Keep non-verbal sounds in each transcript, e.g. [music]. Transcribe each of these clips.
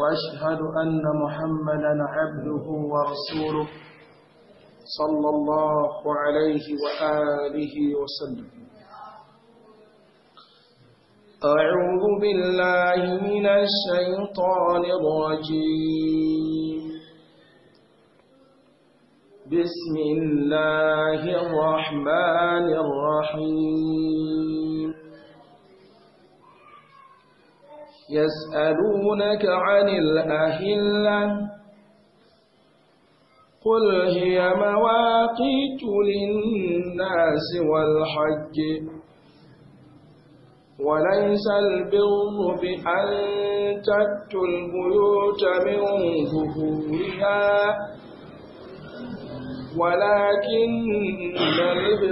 واشهد ان محمدا عبده ورسوله صلى الله عليه واله وسلم اعوذ بالله من الشيطان الرجيم بسم الله الرحمن الرحيم يسألونك عن الأهلة قل هي مواقيت للناس والحج وليس البر بأن تأتوا البيوت من ظهورها ولكن البر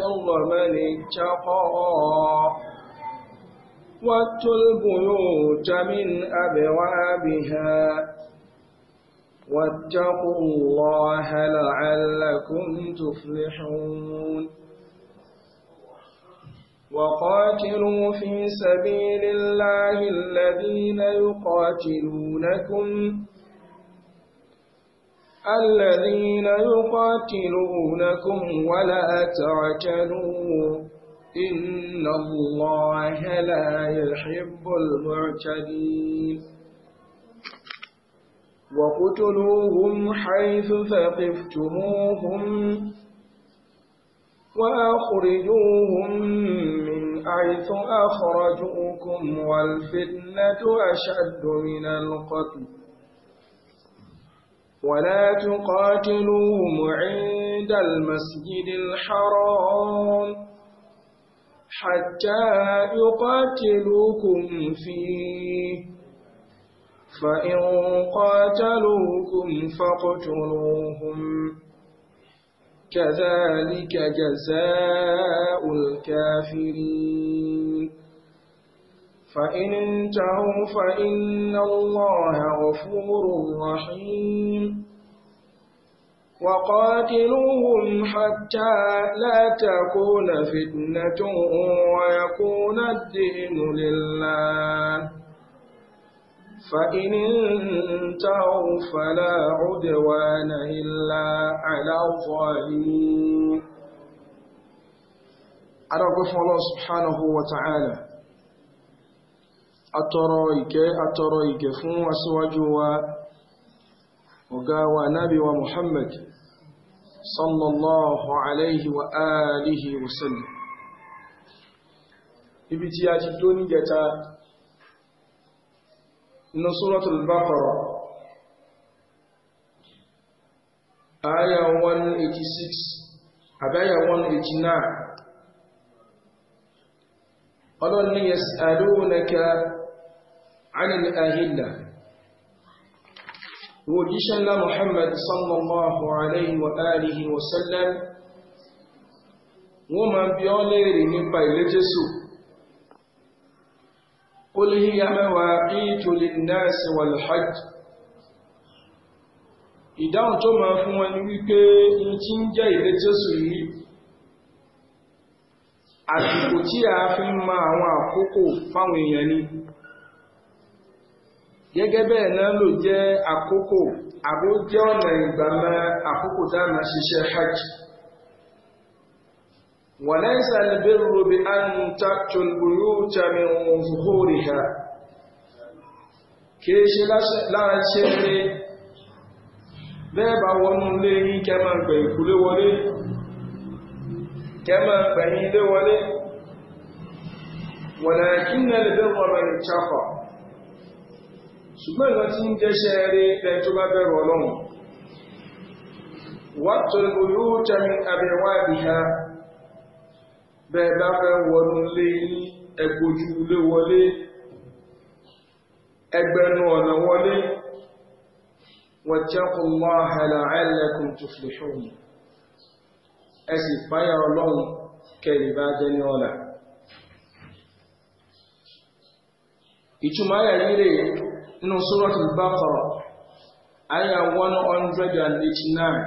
من اتقى واتوا البيوت من أبوابها واتقوا الله لعلكم تفلحون وقاتلوا في سبيل الله الذين يقاتلونكم الذين يقاتلونكم ولا تعتدوا إن الله لا يحب المعتدين وقتلوهم حيث ثقفتموهم وأخرجوهم من حيث أخرجوكم والفتنة أشد من القتل ولا تقاتلوهم عند المسجد الحرام حتى يقاتلوكم فيه فإن قاتلوكم فاقتلوهم كذلك جزاء الكافرين فإن انتهوا فإن الله غفور رحيم وقاتلوهم حتى لا تكون فتنة ويكون الدين لله فإن انتهوا فلا عدوان إلا على الظالمين أرغب الله سبحانه وتعالى أترى أترويك فون وسواجوا ọ̀gá wa nábì wa Muhammad sallallahu alayhi wa alihi wa sallam ibi tí a ti tó ní jẹta inú suratul Baqara aya 186 àbáyà 189 ọlọ́ni yas'alunaka عن ahillah wo jíṣẹ́ ńlá Muhammad sallallahu alayhi wa alihi wa sallam wọ́n máa bi ọ́ léèrè nípa ilé Jésù قل هي مواقيت للناس والحج ìdáhùn tó máa fún wọn ni wípé n tí ń jẹ́ ilé Jésù yìí àsìkò tí a fi ń ma àwọn àkókò fáwọn èèyàn ni gẹ́gẹ́ bẹ́ẹ̀ náà ló jẹ́ àkókò àbó jẹ́ ọ̀nà ìgbàmọ àkókò tá a máa ṣiṣẹ́ hajj. وليس البر بأن تأتوا البيوت من ظهورها kìí ṣe lára ṣe pé bẹ́ẹ̀bà wọnú ilé yìí kẹmà gbẹ̀ ìkúlé wọlé kẹmà gbẹ̀yìn ilé wọlé wọ̀nà kí nílẹ̀ bẹ́ẹ̀ wọ́n rẹ̀ ṣàkọ̀ọ́ ṣùgbọ́n ìwọ̀n tí ń jẹ́ṣẹ́ rí rẹ̀ tó bá bẹ̀rù ọlọ́run wàtún olóòjẹ́ mi abẹ̀wádìíha bẹ́ẹ̀ bá fẹ́ wọnú lé ní ẹgbójú lé wọlé ẹgbẹ̀nu ọ̀nà wọlé wattaqullaha la'allakum tuflihun ẹ sì páyà ọlọ́run kẹrì bá jẹ́ ní ọ̀la ìtumọ̀ ayẹyẹ rèé nínú Suratul Baqara àyà 189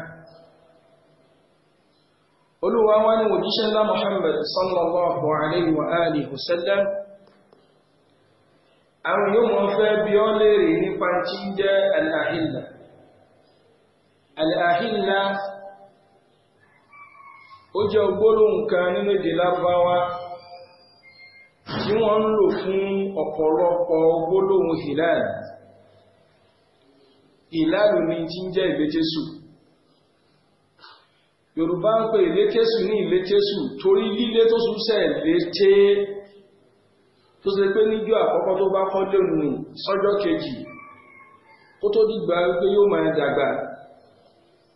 olúwa wá ní òjíṣẹ́ ńlá Muhammad sallallahu alayhi wa alihi wa sallam àwọn yóò mọ̀ fẹ́ bí ó léèrè nípa tí ń jẹ́ al-ahilla ó jẹ́ gbólóhùn kan nínú èdè Lárúbáwá tí wọ́n ń lò fún ọ̀pọ̀lọpọ̀ gbólóhùn hilal ìlàlù ni tí ń jẹ́ ìlétésù yorùbá ń pè ìlétésù ní ìlétésù torí lílé tó sùn sẹ́ lété tó ṣe pé níjọ àkọ́kọ́ tó bá kọ́ lónìí sọ́jọ́ kejì kó tó gbà pé yóò máa dàgbà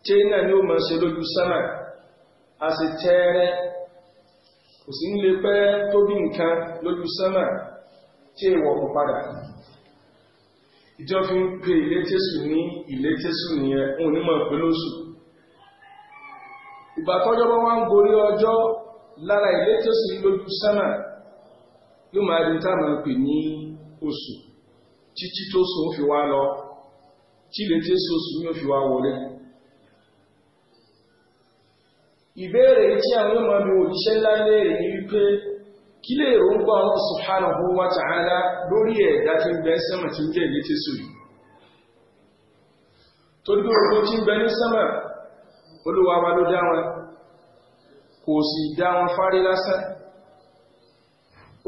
téèna ni ó máa ṣe lójú sánà a lójú sánà padà. ìjọ fi ń pe ìlétésù ní ìlétésù nìyẹn òun ní mọ̀ pé lóṣù ìgbà tọ́jọ́ bá wá ń gorí ọjọ́ lára ìlétésù lójú sánà yóò máa di táwọn ń pè ní oṣù títí tó sùn fi wá lọ tí ìlétésù oṣù yóò fi wá wọlé ìbéèrè tí àwọn ọmọ mi òjíṣẹ́ ńlá léèrè ni wípé kí lè rògbà Allah subhanahu wa ta'ala lórí ẹ̀dá tí ń sẹ́mà tí ń jẹ́ ìyẹ́ tí sùn yìí tí ń bẹ ní sẹ́mà ló dáwọn kò sì fárí lásán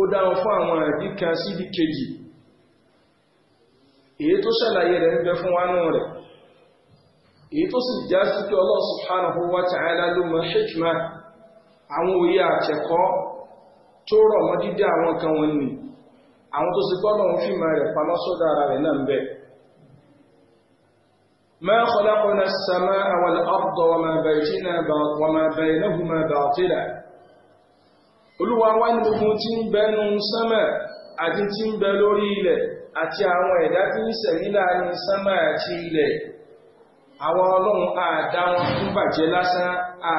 ó dáwọn fún àwọn ẹ̀bí kan síbi kejì èyí tó ṣàlàyé rẹ̀ ń bẹ fún wánú rẹ̀ èyí tó sì sí pé Allah ló tó rọ̀ mọ́ dídá àwọn kan wọn nì àwọn tó sì gbọ́dọ̀ wọn fìmọ̀ rẹ̀ pamọ́ sọ́dọ̀ ara rẹ̀ náà ń bẹ. ما خلقنا السماء والأرض وما بينهما وما بينهما باطلا Olúwa wá ní gbogbo tí ń bẹ nú sánmà àti tí ń bẹ lórí ilẹ̀ àti àwọn ẹ̀dá tí ń sẹ̀mí láàrin sánmà àti ilẹ̀ àwọn ọlọ́run àdá wọn fún bàjẹ́ lásán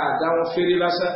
àdá wọn fèrè lásán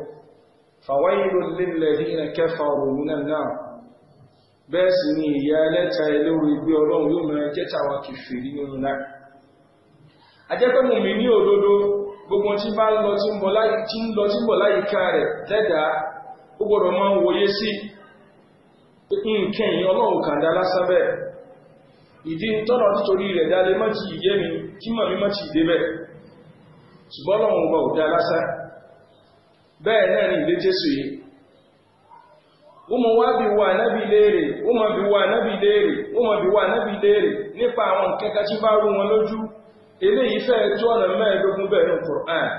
فويل للذين كفروا من النار bẹ́ẹ̀ sì ni ìyà ẹlẹ́ta ẹlórí gbé ọlọ́run yóò mẹ́rin jẹ́ta àwọn kìfèrí nínú náà mi ní òdodo gbogbo tí bá ń lọ tí ń ó máa ń wòye sí nkẹyìn kàndá ìdí títorí ti ìyẹ́ mi kí mọ̀ mi ma ti ìdébẹ̀ ṣùgbọ́n ọlọ́run ọba ò dá bẹ́ẹ̀ náà ni ilé jésù yìí ó mọ̀ wá bí wà nábì léèrè ó mọ̀ bí wà nábì léèrè ó bí wà nábì léèrè nípa àwọn kẹta tí bá rú wọn lójú eléyìí fẹ́ tó ọ̀nà bẹ́ẹ̀ ní tó bẹ́ẹ̀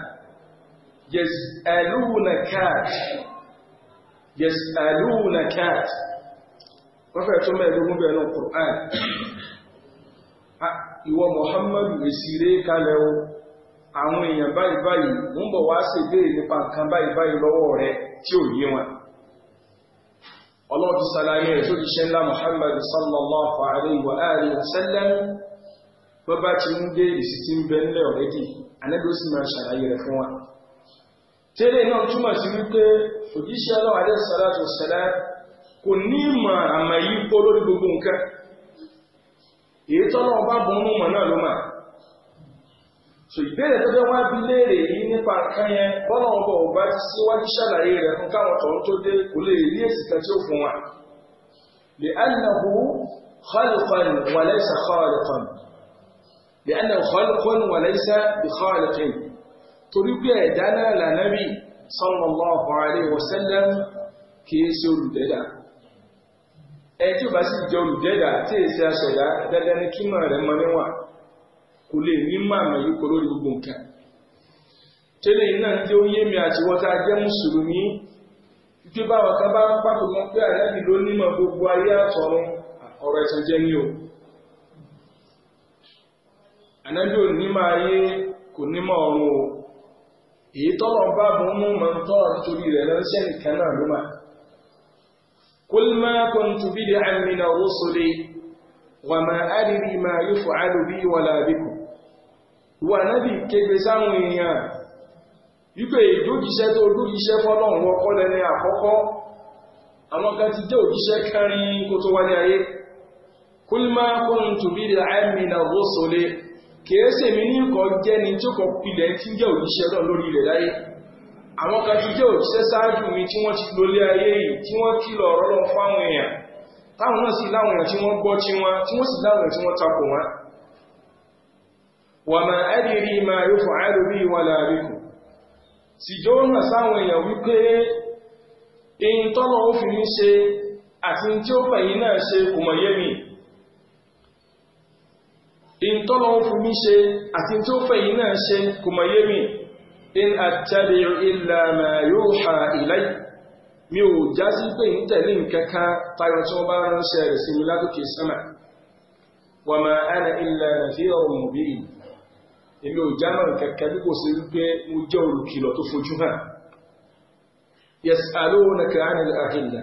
ní Muhammadu àwọn èèyàn báyìí báyìí ń bọ̀ wá sí ìbéèrè nípa nǹkan báyìí báyìí lọ́wọ́ rẹ tí ò yé wọn ọlọ́run sàlàyé rẹ̀ tó ti ṣe ńlá Muhammad sallallahu alayhi wa alihi wa sallam bó bá ti ń dé ìsì tí ń bẹ nílẹ̀ ọ̀rẹ́dì anábì ó sì máa ṣàlàyé rẹ̀ fún wa tẹ́lẹ̀ náà túmọ̀ sí wípé òjíṣẹ́ ọlọ́run alẹ́ sàlátù sàlá kò ní ìmọ̀ àmà yìí kó lórí gbogbo nǹkan èyí tọ́lọ́ ọba bọ̀ mọ̀ náà ló máa so ìbéèrè tó fẹ́ wá bí léèrè yìí nípa nǹkan yẹn bọ́lá wọn bọ̀ bá ti síwájú ṣàlàyé rẹ̀ fún káwọn tó ń tó dé kò lè rí èsì kan tí ó fún wa. لأنه خلق وليس خالقا لأنه خلق وليس بخالق تريد يدانا لنبي صلى الله عليه وسلم كيس الددا أنت بس الددا تيسي أشدا ددا نكيما رمانيوان kò lè ní màmá yìí kó lórí gbogbo nǹkan tẹ́lẹ̀ náà tí ó yé mi àti wọ́ta jẹ́ mùsùlùmí ìjọ bá wọ́n ká bá ń pàtó wọn pé àyàbí ló nímọ̀ gbogbo ayé àtọ̀run ọ̀rọ̀ ẹ̀sìn jẹ́ ní o ànábì ò nímọ̀ ayé kò nímọ̀ ọ̀run o èyí tọ́lọ̀ bá bọ̀ mú mọ̀ ń nítorí rẹ̀ lọ́sẹ̀ nìkan náà ló mà قل ما كنت بدعا من الرسل وما أدري ما يفعل بي ولا بكم ìwà nábì kéde sáwọn èèyàn wípé ìdójíṣẹ́ tó dójíṣẹ́ fọ́lọ́run ọkọ́ lẹni àkọ́kọ́ àwọn kan ti jẹ́ òjíṣẹ́ kárin kó tó wálé ayé kúlmá kún tùbí rẹ̀ àmì nà rọ́sọ̀lẹ̀ kìí ṣe mi ní nǹkan jẹ́ ni tí ó kọ pilẹ̀ tí ń jẹ́ òjíṣẹ́ náà lórí ilẹ̀ láyé àwọn kan ti jẹ́ òjíṣẹ́ ṣáájú mi tí wọ́n ti lólé ayé yìí tí wọ́n kìlọ̀ ọ̀rọ̀ lọ fáwọn èèyàn táwọn náà sì láwọn èèyàn tí wọ́n gbọ́ tí wọ́n tí wọ́n sì láwọn èèyàn tí wọ́n takò wọn wàmà ẹ́dìrí ma yóò fọ̀ àìlúbí wọn làbíkù sì jọ ń hàn sáwọn èèyàn wípé in tọ́nà ó fi ní ṣe àti tí ó fẹ̀yìn náà ṣe kò mọ̀ yé mi in tọ́nà ó fi ní ṣe àti tí ó fẹ̀yìn náà ṣe kò mọ̀ yé mi in àtẹ́lẹ̀ ìlà mà yóò ha ìláyì mi ò já sí pé ń tẹ̀lé nǹkan tayọ tí wọ́n bá ránṣẹ́ rẹ̀ sí mi látòkè sánmà wàmà ana ìlà nàfíà ọ̀rọ̀ mòbìrì èmi ò jámọ̀ kẹ̀kẹ́ bí kò sí wípé mo jẹ́ olùkìlọ̀ tó fojú hàn yas'alunaka 'anil ahilla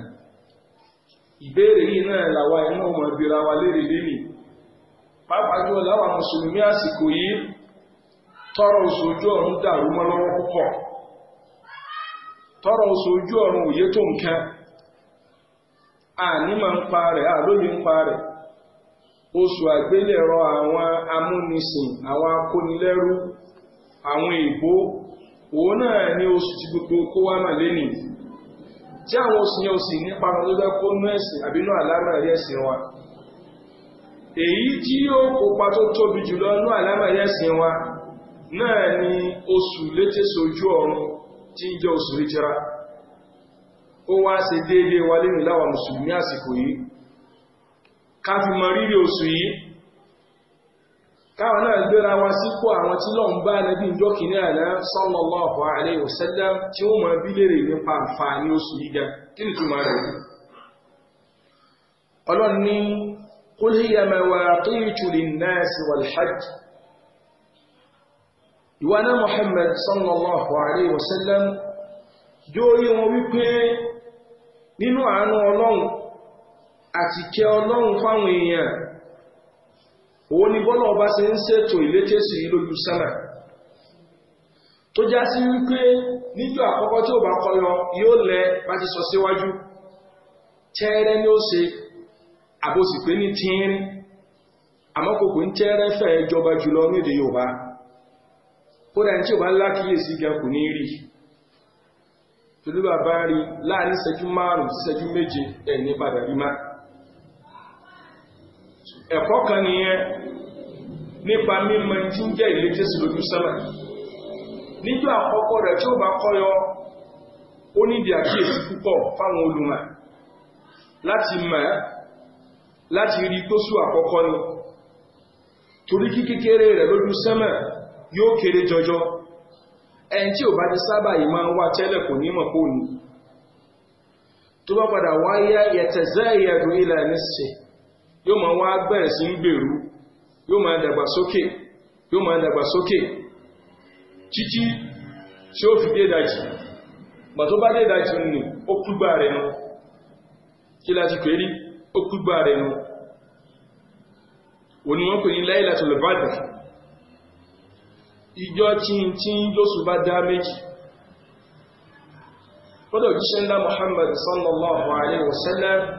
ìbéèrè yìí náà làwa iná ọmọ ìbíra wa lérè lẹ́nì pàápàá jùlọ láwa mùsùlùmí àsìkò yìí tọrọ oṣù ojú dàrú mọ́ lọ́wọ́ púpọ̀ tọrọ oṣù ojú òye tó nǹkan àní máa ń pa rẹ̀ àlóyè ń pa rẹ̀ oṣù àgbélẹ̀rọ àwọn amúnisìn àwọn akónilẹ́rú àwọn èèbó òun náà ní oṣù tí gbogbo kó wá mà lẹ́nì tí àwọn oṣù yẹn oṣù nípa wọn tó fẹ́ kó nú ẹ̀sìn àbí nú àlámà rí ẹ̀sìn wa èyí tí yóò kópa tó tóbi jùlọ ni oṣù létèso ojú ọ̀run tí ń jẹ́ oṣù O ó wá ṣe déédéé wa lẹ́nu mùsùlùmí ká fi mọ rírì oṣù yìí káwọn náà gbéra wa sípò àwọn tí lọ́n bá nàbí ìjọ kìíní àná sallallahu alaihi wasallam tí wọ́n mọ bí léèrè nípa àǹfààní oṣù yìí gan kí ni túmọ̀ rẹ̀ ọlọ́run ní qul hiya mawaqitu linnasi walhajj ìwà náà Muhammad sallallahu alaihi wasallam jórí wọn wípé nínú àánú ọlọ́run àtìkẹ́ ọlọ́run fáwọn èèyàn òun ni bọ́lá ọba ṣe ń ṣètò ìlétèsí lójú sánà tó já sí wípé níjọ́ àkọ́kọ́ tí ò bá kọ lọ yóò lẹ bá ti sọ síwájú tẹ́ẹ́rẹ́ ni ó ṣe àbòsí pé ní tínrín àmọ́ kòkò ń tẹ́ẹ́rẹ́ fẹ́ jọba jùlọ ní èdè Yorùbá kódà ní tí ò bá lákìyèsí gan kò ní rí tolúbà rí láàrin ìṣẹ́jú márùn-ún sí ìṣẹ́jú méje ẹ̀ ní padà rí máa ẹ̀kọ́ kan nìyẹn nípa mímọ̀ tí ń jẹ́ ìlétẹ́sì lójú sánmà níjọ́ àkọ́kọ́ rẹ̀ tí ó bá kọ́yọ ó nídìí àkíyèsí púpọ̀ fáwọn olùmọ̀ láti mọ̀ láti rí tó àkọ́kọ́ ni torí kí kékeré rẹ̀ lójú sánmà yóò kéré jọjọ ẹni tí ò bá ti sábà yìí máa yóò máa wá bẹ̀rẹ̀ sí ń gbèrú yóò máa dàgbà sókè yóò máa dàgbà sókè títí tí ó fi dé ìdajì gbà tó bá dé ìdajì nì ó kúgbà rẹ̀ nu kí láti pè rí ó kúgbà rẹ̀ nu òní wọ́n pè ní Laylatul Badr ìjọ tíntìn lóṣù bá dá méjì fọ́dọ̀ jíṣẹ́ ńlá Muhammad sallallahu alaihi wasallam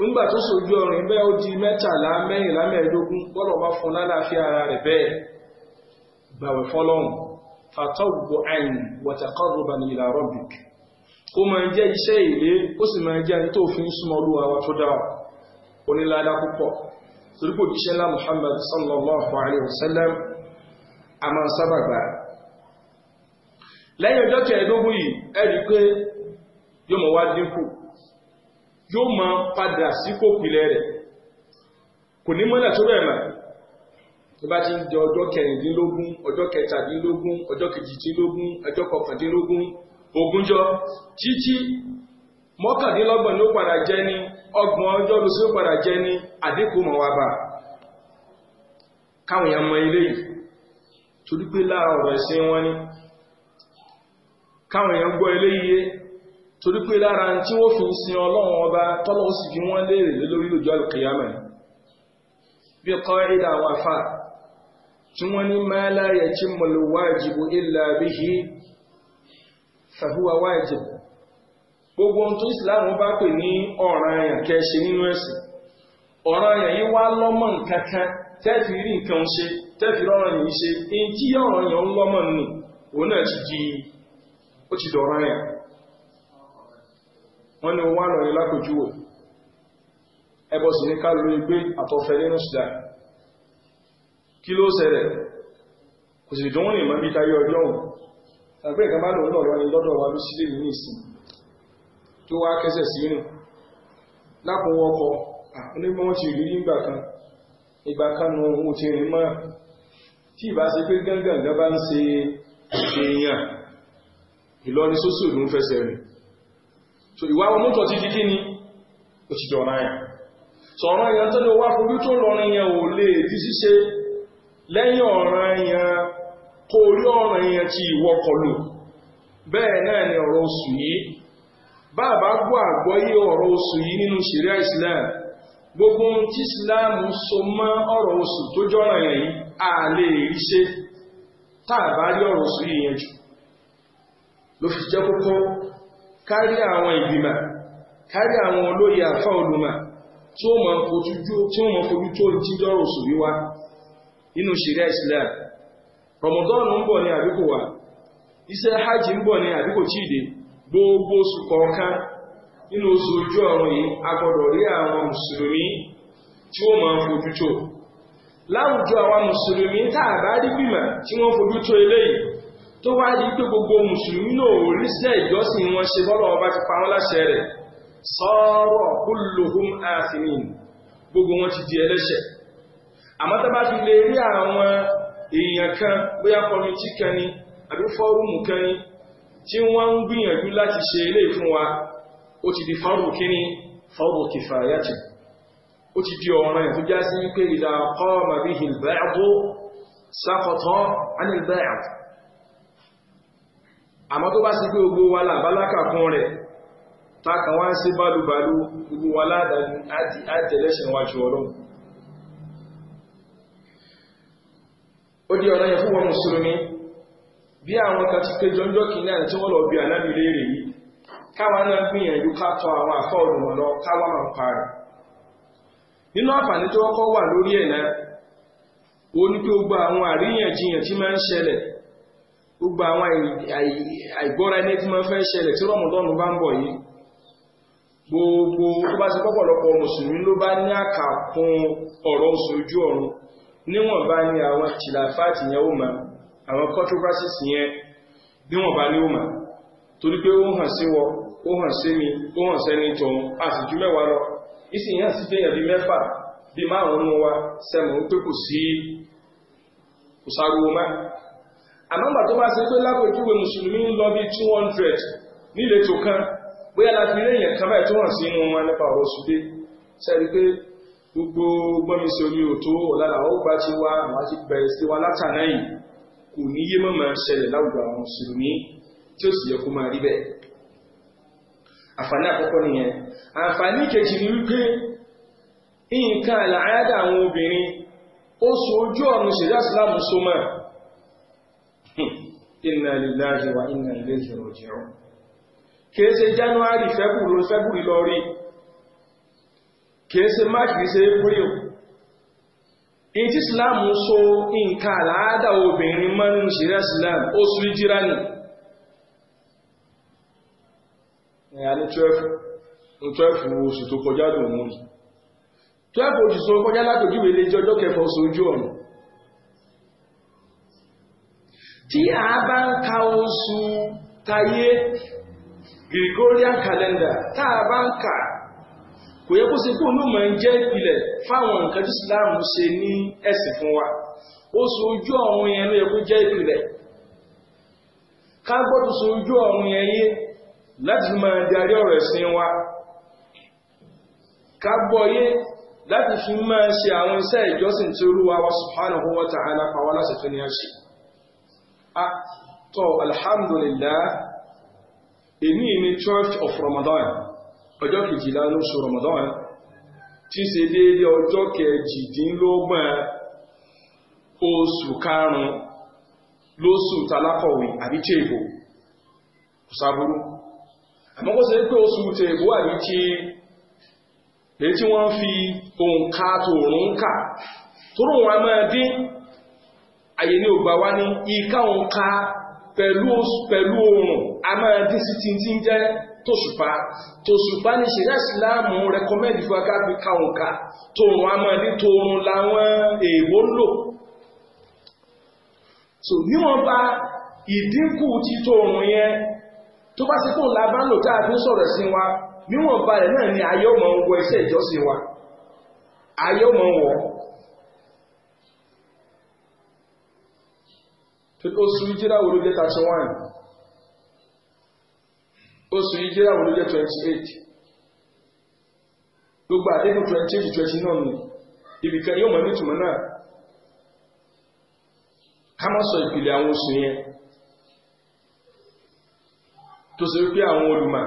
nígbà tó sojú ọrùn bẹ́ẹ̀ ó di mẹ́tàlá mẹ́rìnlá mẹ́ẹ̀ẹ́dógún bọ́lọ̀ bá fún lálàáfíà ara rẹ̀ bẹ́ẹ̀ gbàwẹ̀ fọ́lọ́hun fàtọ́gbò àìn wàtàkọ́rùbàn ìlà rọ́bìk ó máa jẹ́ iṣẹ́ ìlé ó sì máa jẹ́ tó fi ń súnmọ́ olúwa wa tó dáa onílàádá púpọ̀ torípò jíṣẹ́ ńlá Muhammad sallallahu alayhi wa sallam a máa sábà gbà lẹ́yìn ọjọ́ kẹẹ̀ẹ́dógún yìí ẹ̀rí pé yóò mọ̀ wá dínkù yóò máa padà sí kòpìlẹ̀ rẹ̀ kò ní mọ́lẹ̀ tó bẹ̀rẹ̀ mà tó bá ti ń di ọjọ́ kẹrìndínlógún ọjọ́ kẹtàdínlógún ọjọ́ kejìdínlógún ọjọ́ kọkàndínlógún ogúnjọ́ títí mọ́kàndínlọ́gbọ̀n ló padà jẹ́ ní ọgbọ̀n ọjọ́ ló sì padà jẹ́ ní àdínkù mọ̀ wá bá káwọn èèyàn mọ ilé yìí torí pé láàárọ̀ ẹ̀sìn wọn ni káwọn èèyàn gbọ́ ilé yìí torí pé lára tí wọ́n fi ń sin ọlọ́run ọba tọ́lọ́ sì fi wọ́n léèrè lé lórí lójú alùkìyàmẹ̀ bí kọ́ ìdá àwọn afá tí wọ́n ní ma la yatimul wajibu illa bihi fahuwa wajib gbogbo ohun tó islam bá pè ní ọ̀ràn àyàn kẹ́ẹ̀ṣe nínú ẹ̀sìn ọ̀ràn àyàn yìí wá lọ́mọ nǹkan kan tẹ́ẹ̀fì rí nǹkan ṣe tẹ́ẹ̀fì rọrùn yìí ṣe èyí tí ọ̀ràn àyàn ń lọ́mọ nù òun náà ti di ó ti dọ̀ràn àyàn wọ́n ní wọ́n lọ rí lápòjúwò ẹbọ sì ní ká lórí gbé àtọ́fẹ́ nínú ṣìdá kí ló ṣẹlẹ̀ kò sì dùn ní mọ́bí tayé ọjọ́ òun tàbí ìkan lòun lọ́dọ̀ wa ló sílé yìí nìsín tó wá kẹsẹ̀ sí inú lápò ọkọ̀ onígbọ́n wọn ti rí nígbà kan ìgbà kan nu òun ti rìn mọ́ tí ìbá ṣe pé gángan bá ń ṣe èèyàn Ìlọrin sósù ló ń fẹsẹ̀ rìn so ìwà wọn mọ́tọ̀ ti di kí ni ó ti dọ̀nà yà so ọ̀rọ̀ yẹn tó lè wá fojú tó lọ́rin yẹn ò lè di ṣíṣe lẹ́yìn ọ̀rọ̀ yẹn kó orí ọ̀rọ̀ yẹn ti ìwọ kọlù bẹ́ẹ̀ náà ni ọ̀rọ̀ oṣù yìí bàbá gbọ́ àgbọ́yé ọ̀rọ̀ oṣù yìí nínú ṣẹ̀ríà Islam gbogbo ohun tí Islam so mọ́ ọ̀rọ̀ oṣù tó jọ́ràn yẹn yìí a lè rí ṣe tá a bá rí ọ̀rọ̀ oṣù yìí yẹn jù ló fi jẹ́ kókó kárí àwọn ìgbìmọ̀ kárí àwọn olóyè afọ olùmọ̀ tí ó mọ̀ fojú tó jíjọ́rò sù wíwá nínú ṣẹ̀ríà Islam Ramadan ń bọ̀ ní àbíkò wà iṣẹ́ hajj ń bọ̀ ní àbíkò chíde gbogbo oṣù kọ̀ọ̀kan nínú oṣù ojú ọ̀run yìí a rí àwọn mùsùlùmí tí ó máa fojú tó láwùjọ àwọn mùsùlùmí tá a bá rí tí wọ́n fojú tó eléyìí tó wá di pé gbogbo mùsùlùmí náà oríṣẹ́ ìjọsìn wọn ṣe bọ́lọ̀ ọba ti pa wọ́n láṣẹ rẹ̀ sọ́rọ̀ kulluhum athimin gbogbo wọn ti di ẹlẹ́ṣẹ̀ àmọ́ tá bá ti lè rí àwọn èèyàn kan bóyá kọmitì kan ni àbí fọ́rùmù kan ni tí wọ́n ń gbìyànjú láti ṣe eléyìí fún wa ó ti di fọ́rù kíní fọ́rù kìfàyàtì ó ti di ọ̀ràn tó já pé idha qama bihi al-ba'du saqata àmọ́ tó bá sì pé gbogbo wa làbálákà kún rẹ̀ tákà wá ń sí bálúbalú gbogbo wa ládàájú àtẹ̀lẹ́ṣẹ̀ wájú ọlọ́run ó di ọ̀nà yẹn fún wọn mùsùlùmí bí àwọn ka ti péjọ ń jọ́kì náà tí wọ́n lọ bí ànábì léèrè yìí káwa náà gbìyànjú ká àwọn káwa máa nínú àǹfààní tó wà lórí ẹ̀ náà ní pé gbogbo àwọn àríyànjiyàn tí máa gbogbo àwọn àìgbọ́ra ẹni tí wọ́n fẹ́ ṣẹlẹ̀ tí rọ̀mùdọ́nù bá ń bọ̀ yìí gbogbo tó bá ti pọ̀pọ̀lọpọ̀ mùsùlùmí ló bá ní àkàkùn ọ̀rọ̀ oṣoojú ọ̀run níwọ̀n bá ní àwọn tìlàfáàtì yẹn ó mà àwọn controversies yẹn níwọ̀n ni ní ó mà torí pé ó hàn sí wọ ó hàn sí mi ó hàn sẹ́ni jọun a mẹ́wàá lọ ìsìn yẹn sì fẹ́yàn bíi mẹ́fà bíi márùn-ún wa sẹ́mu pé kò sí kò sáruwo máa àmọ́gbà tó bá ṣe pé lápòjúwe mùsùlùmí ń lọ bí 200 níletò kan bóyá láti ilé èèyàn kan báyìí tó hàn sí inú wọn nípa ọ̀rọ̀ ṣùdé sẹ́rí pé gbogbo gbọ́mísẹ̀ omi ò tó ọ̀lára ó bá ti wá àwọn àti bẹ̀rẹ̀ sí wa látàná yìí kò ní yé mọ̀mọ́ ṣẹlẹ̀ láwùjọ àwọn mùsùlùmí tí ó sì yẹ kó máa rí bẹ́ẹ̀ àǹfààní àkọ́kọ́ nìyẹn àǹfààní kejì ni wípé nǹkan àlàáyádà àwọn obìnrin ó so ojú ọ̀run ṣèdá ìsìlámù so mọ́ inna lillahi wa inna ilayhi raji'un kìí ṣe january february february lọ rí kìí ṣe march kìí ṣe april ìtí islam so nǹkan àlàádà obìnrin mọ́ nínú ṣẹlẹ̀ islam oṣù ìjírá ni ẹ̀yà ní 12 oṣù tó kọjá lòun 12 oṣù tó kọjá látòjúwèé lé jọjọ́ kẹfà oṣù ojú ọ̀nà tí a bá ń ka oṣù tayé Gregorian calendar tá a bá ń kà kò yẹ kó ṣe kó ló máa ń jẹ́ ìpìlẹ̀ fáwọn nǹkan tí Islam ṣe ní ẹ̀sìn fún wa oṣù ojú ọ̀run yẹn ló yẹ kó jẹ́ ìpìlẹ̀ ká gbọ́dọ̀ sọ ojú ọ̀run yẹn yé láti máa darí ọ̀rọ̀ ẹ̀sìn wa ká gbọ́ yé láti fi máa ṣe àwọn iṣẹ́ ìjọsìn tí Olúwa wa subhanahu wa ta'ala pa wá láṣẹ tó ní àṣẹ tọ́ alhamdulillah èní ní 12th of Ramadan ọjọ́ kejìlá lóṣù Ramadan tí ṣe déédé ọjọ́ kẹjìdínlógún oṣù karùn-ún lóṣù talákọ̀wé àbí tèèbò kò sáburú àmọ́ kó ṣe pé oṣù tèèbò àbí tí èyí tí wọ́n fi òǹkà tòrùn kà tó wọn máa dín àyè ní ògbà wá ní ìka òǹkà pẹ̀lú oòrùn a máa dín sí ti ti ń jẹ́ tòṣùpá tòṣùpá ní ṣẹ̀dá ìsìláàmù rẹkọmẹ́ndì fún akáàbí ka òǹkà tòrùn a máa dín tòrùn làwọn èèwọ̀ ń lò so níwọ̀nba ìdínkù ti tòrùn yẹn tó bá sí kó ńlá bá ń lò tá a fi ń sọ̀rọ̀ sí wa níwọ̀nba rẹ̀ náà ni ayé ọmọ ń wọ iṣẹ́ ìjọsìn wa ayé ọmọ ń wọ̀ ọ́ oṣù ìjírà wo ló jẹ́ thirty one oṣù ìjírà wo ló jẹ́ twenty eight gbogbo àdéhùn twenty eight twenty nine ni ibìkan yóò mọ̀ nítumọ̀ náà ká má sọ ìpìlẹ̀ àwọn oṣù yẹn tó ṣe wípé àwọn olùmọ̀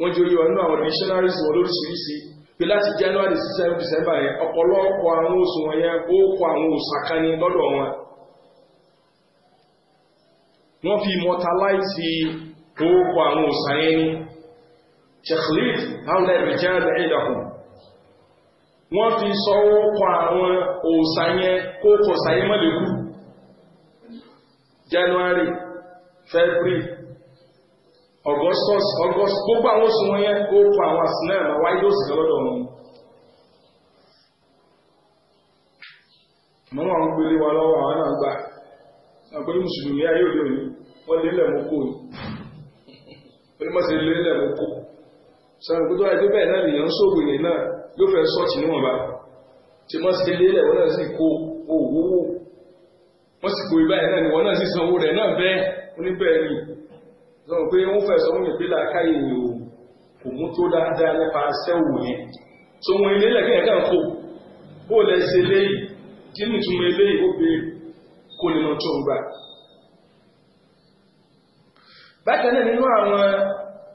wọ́n jẹ́ oyè ọ̀nà àwọn missionaries wọn lóríṣiríṣi pé láti January sí seven December yẹn ọ̀pọ̀lọpọ̀ àwọn oṣù wọn yẹn ó kọ àwọn òṣàkánni lọ́dọ̀ wọn wọ́n fi mọ́tàláìsì orúkọ àwọn òsànyẹ́ ní shekhlit hamlet richard edakun wọ́n fi sọ orúkọ àwọn òsànyẹ́ kókò sàyẹ́ mọ́lẹ̀kú january february augustus august gbogbo àwọn oṣù wọn yẹn orúkọ àwọn àsìnà àwáyé òsì lọ́dọ̀ wọn mọ́wọ́n gbélé wa lọ́wọ́ àwọn náà àgbẹ̀ mùsùlùmí ayé òde òní wọ́n lé lẹ̀ mú kó ni wọ́n ní má ṣe lé lẹ̀ mú kó sọ̀rọ̀ pé tó wáyé bẹ́ẹ̀ náà lèèyàn ń sóògùn ní náà yóò fẹ́ sọ́ọ̀tì níwọ̀nba tí má ṣe lé lẹ̀ náà sì kó owó wọ́n sì kó ibà yẹn náà ni wọ́n náà sì sanwó rẹ̀ náà bẹ́ẹ̀ oníbẹ̀ẹ́ ni lọ́wọ́ pé wọ́n fẹ̀ sọ́wọ́n yìí pé làákàyè ni o kò mú tó dáadáa nípa sẹ́wù yẹn tó wọn ilé lẹ́kẹ̀ẹ́ náà kò bó lẹ kó nínú tó ń gbà. bákan náà nínú àwọn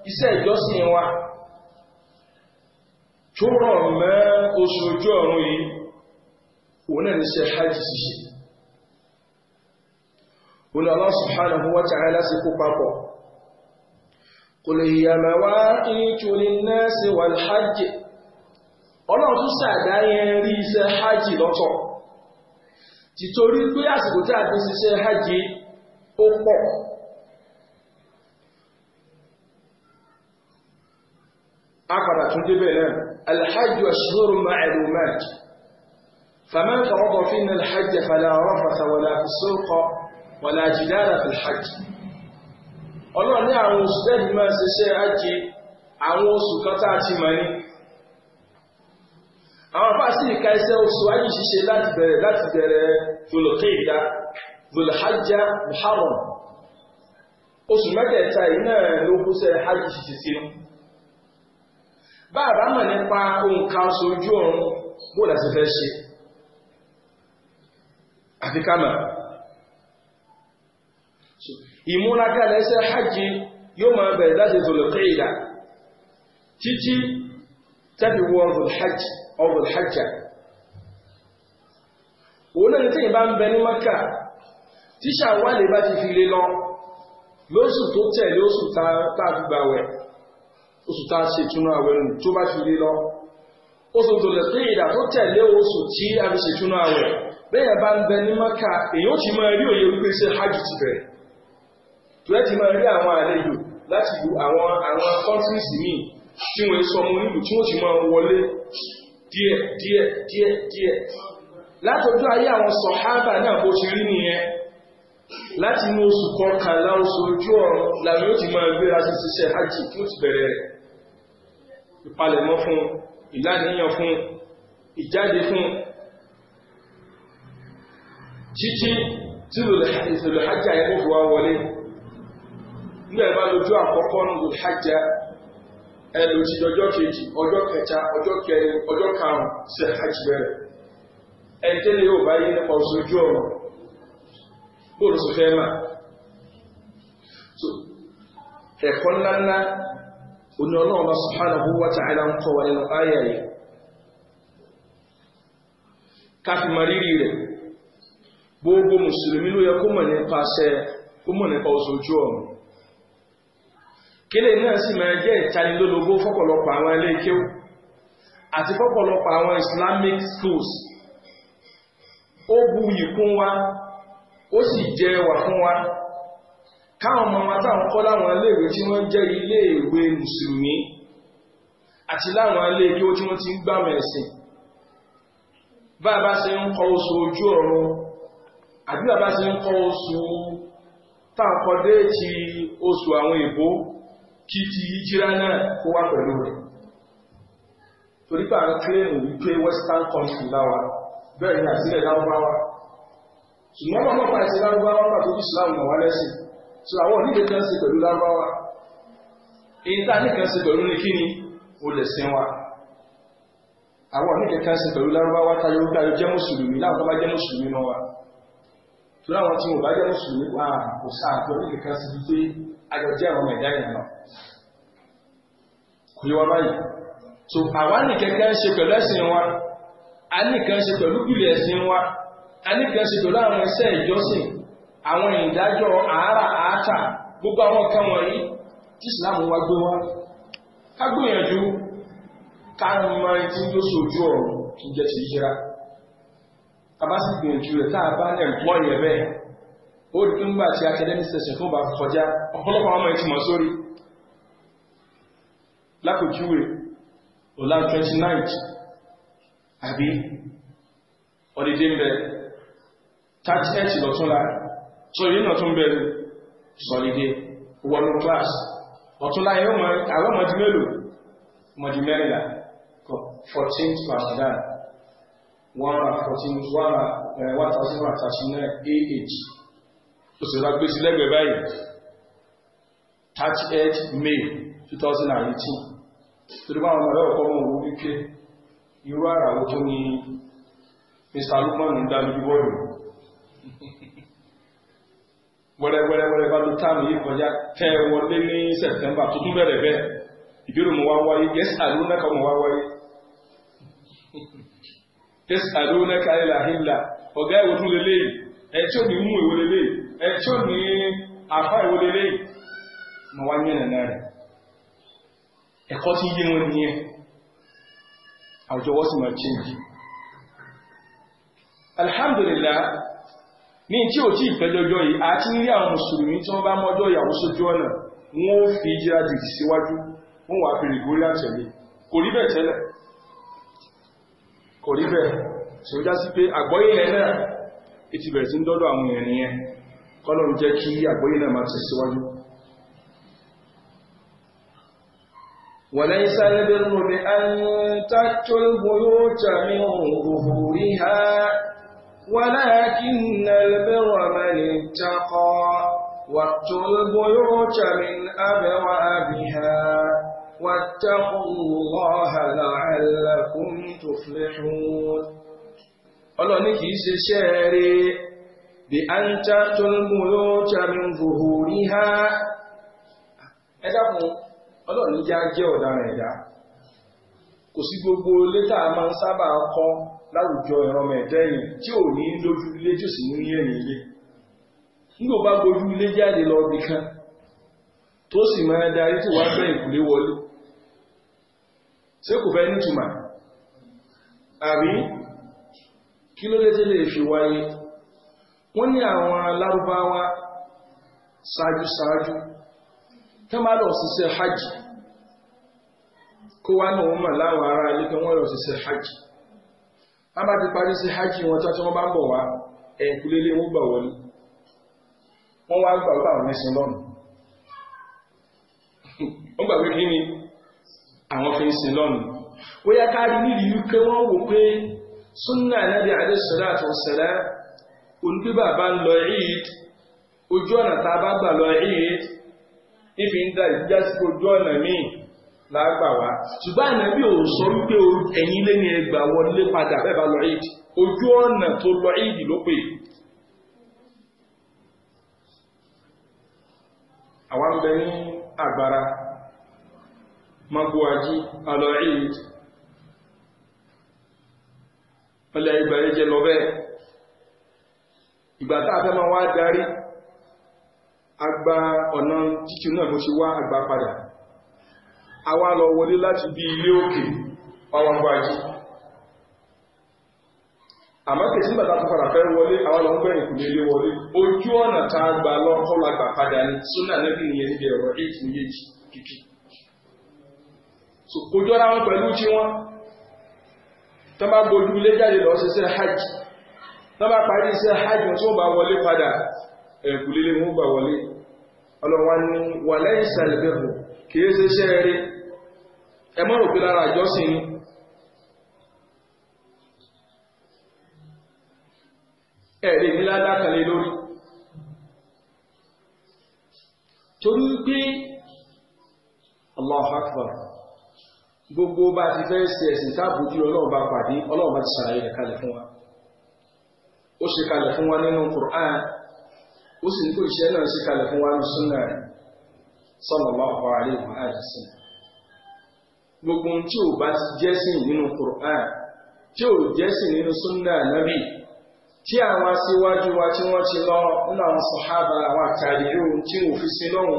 iṣẹ́ ìjọsìn wa tó rọ̀ mọ́ oṣù ojú ọ̀run yìí òun náà ní ṣe hajj ṣíṣe òun náà Allah subhanahu wa ta'ala sí kó papọ̀ qul hiya mawaqitu lin-nasi wal-hajj ọlọ́run tún sàdáyẹn rí iṣẹ́ hajj lọ́tọ̀ tìtorí pé àsìkò tí a fi ṣiṣẹ́ hajj ó pọ̀ a padà tún débẹ̀ náà alhajj ashhur ma'lumat faman farada fina alhajj fala rafatha wala fusuqa wala jidala fil hajj ọlọ́run ní àwọn oṣù tẹ́lẹ̀ ṣiṣẹ́ hajj àwọn oṣù kan tá a ti mọ̀ ní àwọn bá sì ka iṣẹ́ oṣù ayé ṣíṣe láti bẹ̀rẹ̀ láti bẹ̀rẹ̀ zolokeda zolhajja muharram oṣù mẹ́tẹ̀ẹ̀ta yìí náà ló kó sẹ́ hajj ṣíṣe sínú bá a bá mọ̀ nípa nǹkan sojú ọ̀run bó la ṣe ṣe àfi ká mọ̀ hajj yóò máa bẹ̀rẹ̀ láti zolokeda títí tẹ́bi wọ́n zolhajj ọdún hajjá òun náà ní tẹ́yìn bá ń bẹ ní maka tí ṣàwálè bá ti fi lé lọ lóṣù tó tẹ̀lé oṣù tá a fi gbà wẹ̀ oṣù tá a ṣe ìtúnú àwẹ̀ nù tó bá fi lé lọ oṣù tó lè pé ìdá tó tẹ̀lé oṣù tí a fi ṣe ìtúnú àwẹ̀ bẹ́yẹn bá ń bẹ ní maka èyàn ti máa rí òye wípé ṣe hajj ti bẹ̀rẹ̀ tó ti máa rí àwọn àlejò láti lu àwọn àwọn countries míì tí wọ́n sọ ọmọ onílù tí wọ́n ti máa wọlé díẹ̀ díẹ̀ díẹ̀ díẹ̀ látọjú ayé àwọn sọ̀hábà náà bó ṣe rí nìyẹn láti inú oṣù kọkànlá oṣù ojú ọ̀run làmì ó ti máa gbéra sí ṣiṣẹ́ hajj fún ti bẹ̀rẹ̀ rẹ̀ ìpalẹ̀mọ́ fún ìlànìyàn fún ìjáde fún títí tí ìṣòlò hajj ayé mú fi wá wọlé nígbà ìbá lójú àkọ́kọ́ nù hajj ẹni o ti di ọjọ́ kejì ọjọ́ kẹta ọjọ kẹrin ọjọ́ karùn-ún sí hajj bẹ̀rẹ̀ ẹni tẹ́lẹ̀ yóò bá yé nípa ojú ọ̀rọ̀ bóòlù sọ fẹ́ mà ẹ̀kọ́ ńláńlá oní ọlọ́run bá kílè náà sì máa jẹ́ ìtanilólogó fọ́pọ̀lọpọ̀ àwọn ilé kéwú àti fọ́pọ̀lọpọ̀ àwọn Islamic schools ó bu ìkún wa ó sì jẹ wà fún wa káwọn ọmọ wa táwọn kọ́ láwọn iléèwé tí wọ́n jẹ́ iléèwé mùsùlùmí àti láwọn ilé kí ó tí wọ́n ti ń gbàmọ̀ ẹ̀sìn bá a bá ṣe ń kọ oṣù ojú ọ̀run àbí bá a bá ṣe ń kọ oṣù táǹkọ déètì oṣù àwọn èbó kí ti ìjírá náà kó wá pẹ̀lú rẹ̀ torí pé àwọn wípé western country láwa bẹ́ẹ̀ ni àtìlẹ̀ lárúbáwá ṣùgbọ́n mọ̀ lárúbáwá pàtó bí islam wá lẹ́sìn so àwọn onílé kan ṣe pẹ̀lú lárúbáwá èyí tá nìkan ṣe pẹ̀lú o lè sin wa àwọn onílé kan ṣe pẹ̀lú lárúbáwá wa torí àwọn tí bá jẹ́ mùsùlùmí wà kò sáà àjọjẹ́ àwọn ọmọ ẹ̀dá ìrìnà kò yíwa báyìí so àwa nìkẹ́kẹ́ ń ṣe pẹ̀lú ẹ̀sìn wa a nìkan ṣe pẹ̀lú ìpìlẹ̀ ẹ̀sìn wa a nìkan ṣe pẹ̀lú àwọn iṣẹ́ ìjọsìn àwọn ìdájọ́ àárà àátà gbogbo àwọn kan wọ̀nyí tí ìsìláàmù wa gbé wá ká gbìyànjú ká mọ tí ló sojú ọ̀rọ̀ kí jẹ́ ti yíra a bá sì gbìyànjú rẹ̀ tá a bá lẹ̀ ń pọ́ bẹ́ẹ̀ ó rí nígbà tí academic session tó bá kọjá ọ̀pọ̀lọpọ̀ àwọn ìtumọ̀ sórí lápòjúwe ọ̀la 29 àbí ọ̀dìdí ń bẹ 38 lọ́túnla tó yìí náà tún bẹ̀rù sọ̀lìdé wọnú class ọ̀túnla yóò mọ àwọn ọmọdé mélòó ọmọdé mẹ́rìnlá 14 class down 114 139 ah ó sì rà gbèsè lẹ́gbẹ̀ẹ́ báyìí thirty eight may two thousand and eighteen torí báwọn ọmọ ẹ̀kọ́ mọ̀ owó wípé irú àràwọ̀ tó ní Mr. Lukman ń dá lójú bọ́ọ̀lù wẹ́rẹ́wẹ́rẹ́wẹ́rẹ́ bá ló táàmù yìí kọjá tẹ́ wọlé ní September tó tún bẹ̀rẹ̀ bẹ́ẹ̀ ìbéèrè mo wá wáyé yes àlónẹ́ka mo wá wáyé yes àlónẹ́ka ilà hílà ọ̀gá ìwòtún lélẹ́yìí ẹ̀ tí ò ní mú ìwò lélẹ́yìí ẹ̀ tí ó ní àfá ìwòlélé ma wá yẹn nàá rẹ̀ ẹ̀kọ́ tí yé wọn nìyẹn àwùjọ wọ́n sì máa change alhamdulillah ní tí ò tí ìpẹ́jọjọ́ yìí àti nílé àwọn mùsùlùmí tí wọ́n bá mọ́jọ́ ìyàwó sójú ọ̀nà wọ́n ó fi jíra jù síwájú wọ́n wà fèrè górí àtẹ̀lé kò rí bẹ́ẹ̀ tẹ́lẹ̀ kò rí bẹ́ẹ̀ tí ó já sí pé àgbọ́yé ẹ̀ náà ètì bẹ̀rẹ̀ ń dọ́dọ̀ àwọn ènìyàn kọ́lọ̀n jẹ́ kí àgbóyé náà máa tẹ̀síwájú وليس البر بأن تأتوا البيوت من ظهورها ولكن البر من اتقى وأتوا البيوت من أبوابها واتقوا الله لعلكم تفلحون ọlọ́ni kìí ṣe ṣẹ́ẹ̀rẹ́ بأن تأتوا البيوت من ظهورها ẹ dákun ọlọ́run ní já jẹ́ ọ̀daràn kò sí gbogbo létà máa ń sábà kọ́ láwùjọ ìrọmọ ẹ̀dá yìí tí ò ní lójú ilé tí ò sì ní ẹ̀yìn ilé nígbà bá ilé jáde lọ kan tó sì máa darí wọ́n ní àwọn alárúbáwá ṣáájú-ṣáájú tó máa hajj kó wá náà wọ́n mọ̀ láwọn ará ilé pé wọ́n lọ ṣiṣẹ́ hajj a bá ti parí sí hajj wọn tó wọ́n bá ń bọ̀ wá ẹ̀yìnkúlélé wọ́n gbà wọlé wọ́n wá gbà wọ́n mẹ́sìn lọ́nà wọ́n gbà pé kí àwọn fi ń sin lọ́nà ó yá káàdì nídìí wípé wọ́n wò pé àdéṣọ́lá onígbé ba ń lọ eid ojú ọ̀nà tá a bá gbà lọ eid ibi ń da ìdíjà sí ojú ọ̀nà míì lágbà wá ṣùgbọ́n ànábì ò sọ wípé ẹ̀yin lé ní ẹgbà wọlé padà bẹ́ẹ̀ bá lọ eid ojú ọ̀nà tó lọ eid ló pè àwọn bẹ ní alọ eid ọlẹ́ ìgbà yẹn jẹ ìgbà tá a fẹ́ máa wá darí agba ọ̀nà títí náà bó ṣe wá awa padà àwa lọ wọlé láti bí ilé òkè ọwọ́n gbájú àmọ́ kèsí bàtà tó padà fẹ́ wọlé àwọn ọmọ bẹ́ẹ̀ kò lè wọlé ojú ọ̀nà tá a gbà lọ kọ́ la padà ní súnà nẹ́bí nìyẹn níbi ẹ̀rọ éèkì méjì kìkì wọn pẹ̀lú tí wọ́n bá ilé hajj tọ́ba parí iṣẹ́ hajj tí wọ́n bá wọlé padà ẹ̀kúlélé wọn gbà wọlé ọlọ́wà ní wà lẹ́yìn ìsàlẹ̀bẹ̀rù kìí ṣe iṣẹ́ rí ẹ mọ́ òpin lára àjọsìn ni ẹ lè ní ládàkàlẹ̀ lórí torí pé Allahu Akbar gbogbo bá ti fẹ́ ṣe ẹ̀sìn táàbù tí pàdé ọlọ́run ti ṣàlàyé rẹ̀ fún wa ó ṣe kalẹ̀ fún wa nínú Qur'an ó sì ní kó iṣẹ́ náà ṣe kalẹ̀ fún wa ní súnà rẹ̀ sallallahu alaihi wa sallam gbogbo tí ò bá jẹ́sìn nínú Qur'an tí ò jẹ́sìn nínú súnà nábì tí àwọn aṣíwájú wa tí wọ́n ti lọ nínú àwọn sàhábà àwọn àtàrí ohun tí wọ́n fi sin lọ́hùn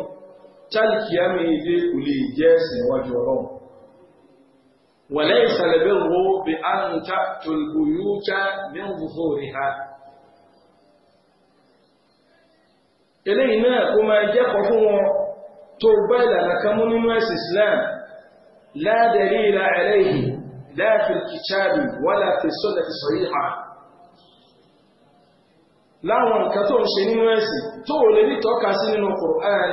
tálíkì àmì ilé kò lè jẹ́ ẹ̀sìn iwájú ọlọ́run وليس البر بأن تأتوا البيوت من ظهورها eléyìí náà kó máa jẹ́kọ̀ọ́ fún wọn tó gbá ìlànà kan mú nínú ẹ̀sìn Islam la dalila alayhi la fil kitabi wala fi sunnati sahiha láwọn nǹkan tó ń ṣe nínú ẹ̀sìn tó lè rí tọ́ka sí nínú Qur'an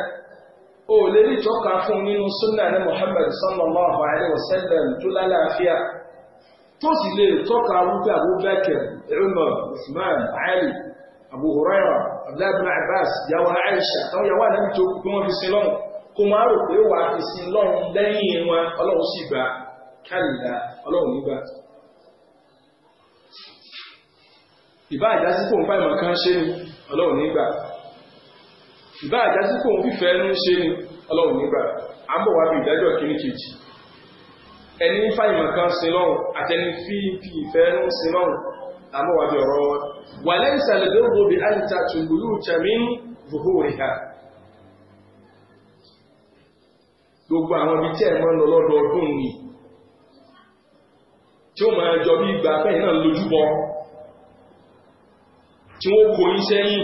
o lè rí ìtọ́ka fún nínú súnà ní Muhammad sallallahu alayhi wa sallam tó lálàáfíà tó sì lè tọ́ka wípé Abubakar Umar Usman Ali Abu Hurairah Abdullah ibn Abbas yàwó Aisha táwọn yàwó àdáni tó kú wọn fi sin lọ́run kó máa rò pé wà á fi sin lọ́run lẹ́yìn wọn ọlọ́run sì gbà kálílà ọlọ́run nígbà ìbá ìdásí kò ń bá kan ṣe ni ọlọ́run nígbà ìbá àjásí kò ń fífẹ́ ẹnu ṣe ni ọlọ́run nígbà à ń bọ̀ wá bí ìdájọ́ kìíní kejì ẹni ń fàyìmọ̀ kan sin lọ́run àtẹni fi fi ìfẹ́ ẹnu sin lọ́run à ń bọ̀ wá bí ọ̀rọ̀ wọn. wà lẹ́yìn ìsàlẹ̀ tó gbòbí àìta tùgbùlù tẹ̀mí gbogbo rẹ̀ ha. gbogbo àwọn ibi tí ẹ̀ máa ń lọ lọ́dọọdún ni tí ó máa jọ bí ìgbà fẹ́yìn náà lójúbọ tí wọ́n kò ń sẹ́yìn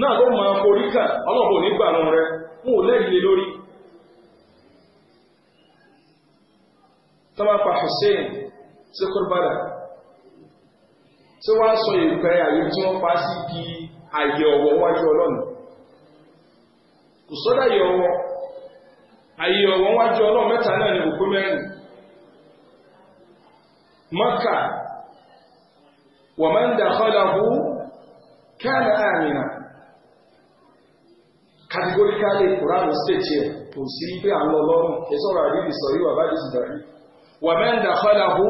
náà tó máa forí kà ọlọ́pàá onígbà wọn rẹ wọn ò lẹ́yìn lórí. tọ́wọ́ pa Hussein sí kúrbàdà tí wọ́n á sọ ìpẹ́ àyè tí wọ́n pa sí di àyè ọ̀wọ́ wájú ọlọ́run kò sọ́dọ̀ àyè ọ̀wọ́ àyè ọ̀wọ́ wájú ọlọ́run mẹ́ta náà ni òkú mẹ́rin Mákà wàmán dàkọ́lá bú kánà àmìnà categorically Quran state yẹ kò sí pé à ń lọ lọ́rùn ẹ̀sọ́rọ̀ àdìrí sọ̀rí wà bá dìsí dàrí wà mẹ́ńdà fọ́láhù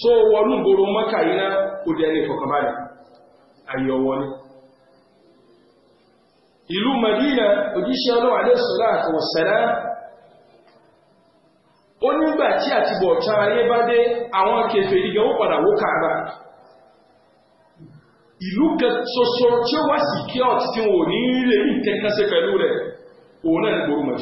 tó wọnú gbòòrò mọ́kà yìí náà kò dẹ̀ ní ìfọ̀kànbalẹ̀ ayé ọwọ́ ni. ìlú Madina òjíṣẹ́ ọlọ́wà lè sọ láti wọ̀sẹ̀lá ó nígbà tí àtibọ̀ ọ̀tá ayé bá dé àwọn kẹfẹ́ ìgbà ó padà wó kàgbà ìlú kan ṣoṣo tí ó wá sí kí ọ̀ tí wọn ò ní lè ní kankan ṣe pẹ̀lú rẹ̀ òun náà ní gbòòrò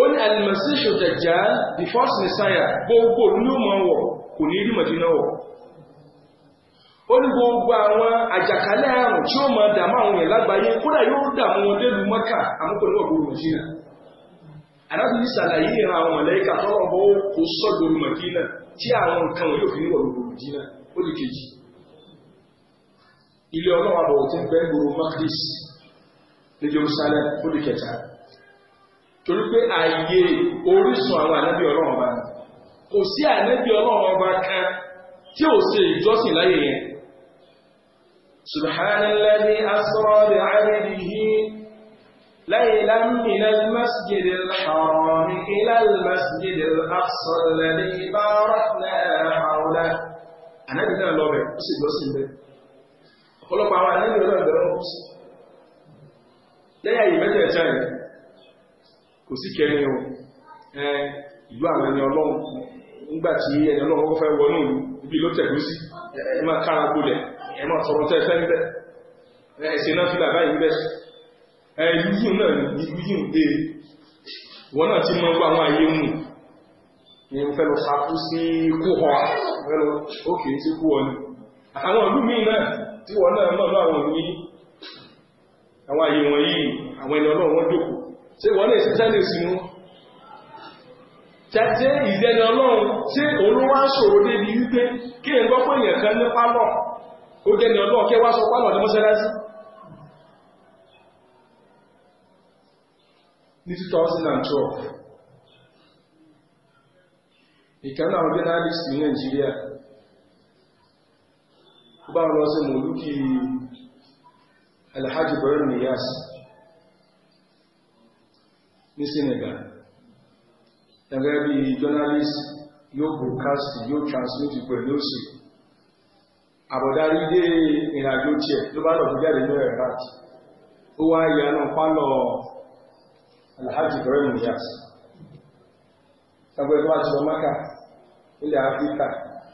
ó ní alimasiṣu Dajjal the first Messiah gbogbo ní ó máa wọ̀ kò ní rí Madina wọ̀ ó ní gbogbo àwọn àjàkálẹ̀ àrùn tí ó máa dààmú àwọn èèyàn lágbàáyé kódà yóò dààmú wọn délùú Mẹ́kà àmúkò ní ọ̀gbọ̀n Madina arábìnrin ṣàlàyé ìran àwọn mọ̀lẹ́kà tọ́lọ́ bọ́ kó sọ́dọ̀ Madina tí àwọn nǹkan wọn yóò fi ní ọ̀gbọ̀n Madina ó di kejì ilé ọlọ́wà bọ̀ tí ń bẹ́ gbòòrò makdis ní Jerusalem fúdi kẹta torí pé ààyè orísun àwọn ànábì ọlọ́wà bá kò sí ànábì ọlọ́wà bá kan tí ò ṣe ìjọsìn láyé yẹn subhanalladhi asra bi 'abdihi ليلا من المسجد الحرام إلى المسجد الأقصى الذي باركنا حوله أنا بدنا لوبي بس يجوز ọ̀pọ̀lọpọ̀ àwọn àdáyé ọlọ́run bẹ̀rẹ̀ wọn sí lẹ́yìn àyè mẹ́tẹ̀ẹ̀ta yìí kò sí kẹrin o ìlú àwọn ẹni ọlọ́run nígbà tí ẹni ọlọ́run kọ́kọ́ fẹ́ wọnú ìlú ibi ló tẹ̀lú sí ẹ máa kára gbolẹ̀ ẹ máa sọ̀rọ̀ tẹ́ fẹ́ níbẹ̀ ẹ̀sìn náà fi làbá yìí bẹ̀ ẹ yíyù náà yíyù yíyù dé wọn náà ti mọ gbọ́ àwọn àyè mú ni mo fẹ́ lọ sakú sí kú àwọn ìlú míì náà tí wọ́n náà mọ̀ àwọn òní àwọn àyè wọ̀nyí àwọn ẹni ọlọ́run wọ́n jòkó tí wọ́n lè ṣiṣẹ́ lè sínú tẹ́tẹ́ ìdẹni ọlọ́run tí olúwa ṣòro débi wípé kí n gbọ́ èèyàn kan ní pálọ̀ ó jẹ́ni ọlọ́run kí wá sọ pálọ̀ ní mọ́ṣáláṣí ní 2012 ìkànnà àwọn journalist ní Nàìjíríà bá lọ sí mọ̀lúkì alhaji bayan niyas ní senegal ẹgbẹ́ bí journalist yóò broadcast yóò transmit pẹ̀lú òsì àbọ̀dárí dé ìrìnàjò tiẹ̀ ló bá lọ fújáde ní ẹ̀rọ àti ó wá ìyá náà pálọ̀ alhaji bayan niyas ẹgbẹ́ tó bá ti lọ mọ́kà ilẹ̀ áfíríkà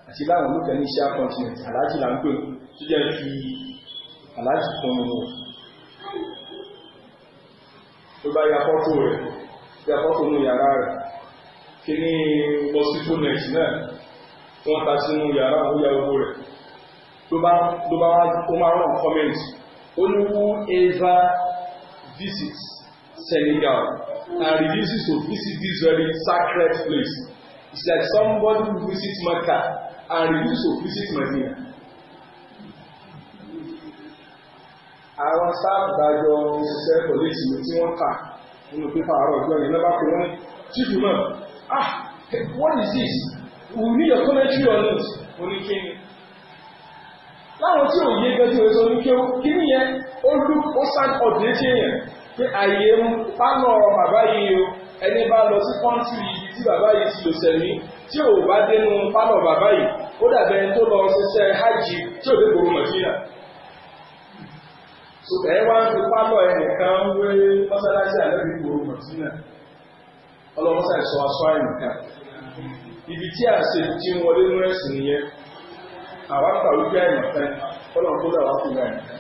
àti láwọn olókè ní iṣẹ́ continent aláàjì là ń pè tó jẹ́ fi aláàjì kan nínú tó bá ya fọ́tò rẹ̀ ya fọ́tò nínú yàrá rẹ̀ kí ní mosquito net náà tí wọ́n ta sínú yàrá òun ya rẹ̀ tó bá ó máa rán comment ó ní who Senegal and refuses to visit this very sacred place It's like somebody who visits Mecca and refuses to visit Medina. Àwọn sáàpù dájọ́ òṣìṣẹ́ pọ̀lẹ́tì tí wọ́n kà nínú pépà àárọ̀ ọjọ́ yìí lọ́ba pé wọ́n ní chief náà ah what is this? We need a commentary on it. Mo ní kí ni? Láwọn tí ò yé gẹ́gẹ́ bí o ní kí o kí ni yẹn ó lù ó sàn ọ̀dẹ́tì yẹn pé àyè ń pánọ̀ bàbá yìí o ẹni bá lọ sí kọ́ńtì yìí tí bàbá yìí ti lò sẹ̀mí tí ò bá dénú pálọ̀ bàbá yìí ó dàbẹ̀ tó lọ ṣiṣẹ́ hajj tí ò dé gbòòrò mọ̀jìnà. sọ̀tẹ̀ ẹ wá ń fi pálọ̀ ẹnìkan wé mọ́sálásí àlẹ́bí gbòòrò mọ̀jìnà ọlọ́mọsá ìsọ aṣọ àìmọ̀ká. ibi tí a ṣe ti ń wọlé nú ẹ̀sìn nìyẹn àwa ń pàwé bí àìmọ̀ká ọlọ́run tó dà wá fún àìmọ̀ká.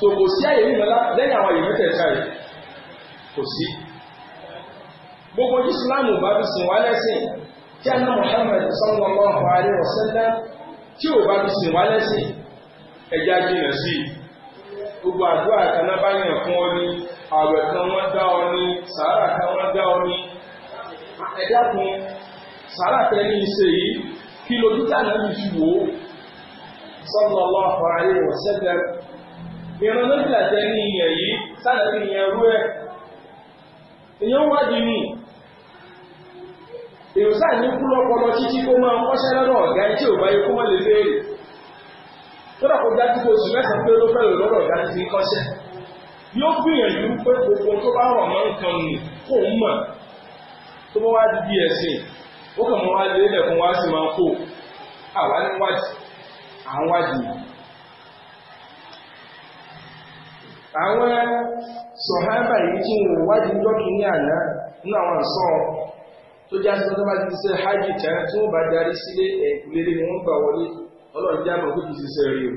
tòkòsí àyè nìyẹn lẹ́yìn àwọn àyè mẹ́tẹ̀ẹ̀ta yìí kò sí gbogbo islam bá fi sìn wá lẹ́sìn tí a ná muhammed sallallahu alayhi wa sallam tí ò bá fi sìn wá lẹ́sìn ẹja jìnà sí gbogbo àdúrà kaná bá yàn fún ọ ní ààwẹ̀ kan wọ́n dá ọ ní sàárà kan wọ́n dá ọ ní ẹ̀dá kan sàárà tẹ́lẹ̀ ń ṣe yìí kí lójú tànà mi fi wò ó sallallahu alayhi wa sallam ìran lójú àtẹ́ni ìyẹn yìí sàárà ti yẹn rú ẹ̀ èèyàn wádìí nìyí. ìrùsà ní kú lọ́pọlọ títí kó máa kọ́ṣẹ́ lọ́dọ̀ ọ̀gá tí ò bá kó mọ́ lè béèrè tó dàpọ̀ dájú kó oṣù mẹ́sàn-án pé ló fẹ́ràn ọ̀gá ti kọ́ṣẹ́ yóò gbìyànjú pé gbogbo tó bá rọ̀ nù kó ń tó bá wá di bí ẹ̀sìn ó kàn mọ́ wá lé wá sí máa kó àwa tó já sí tó bá ti ṣe hajj tán tí wọ́n bá darí sílé ẹ̀kúlélé ni wọ́n gbà wọlé ọlọ́run já mọ̀ pé kì í ṣiṣẹ́ rí o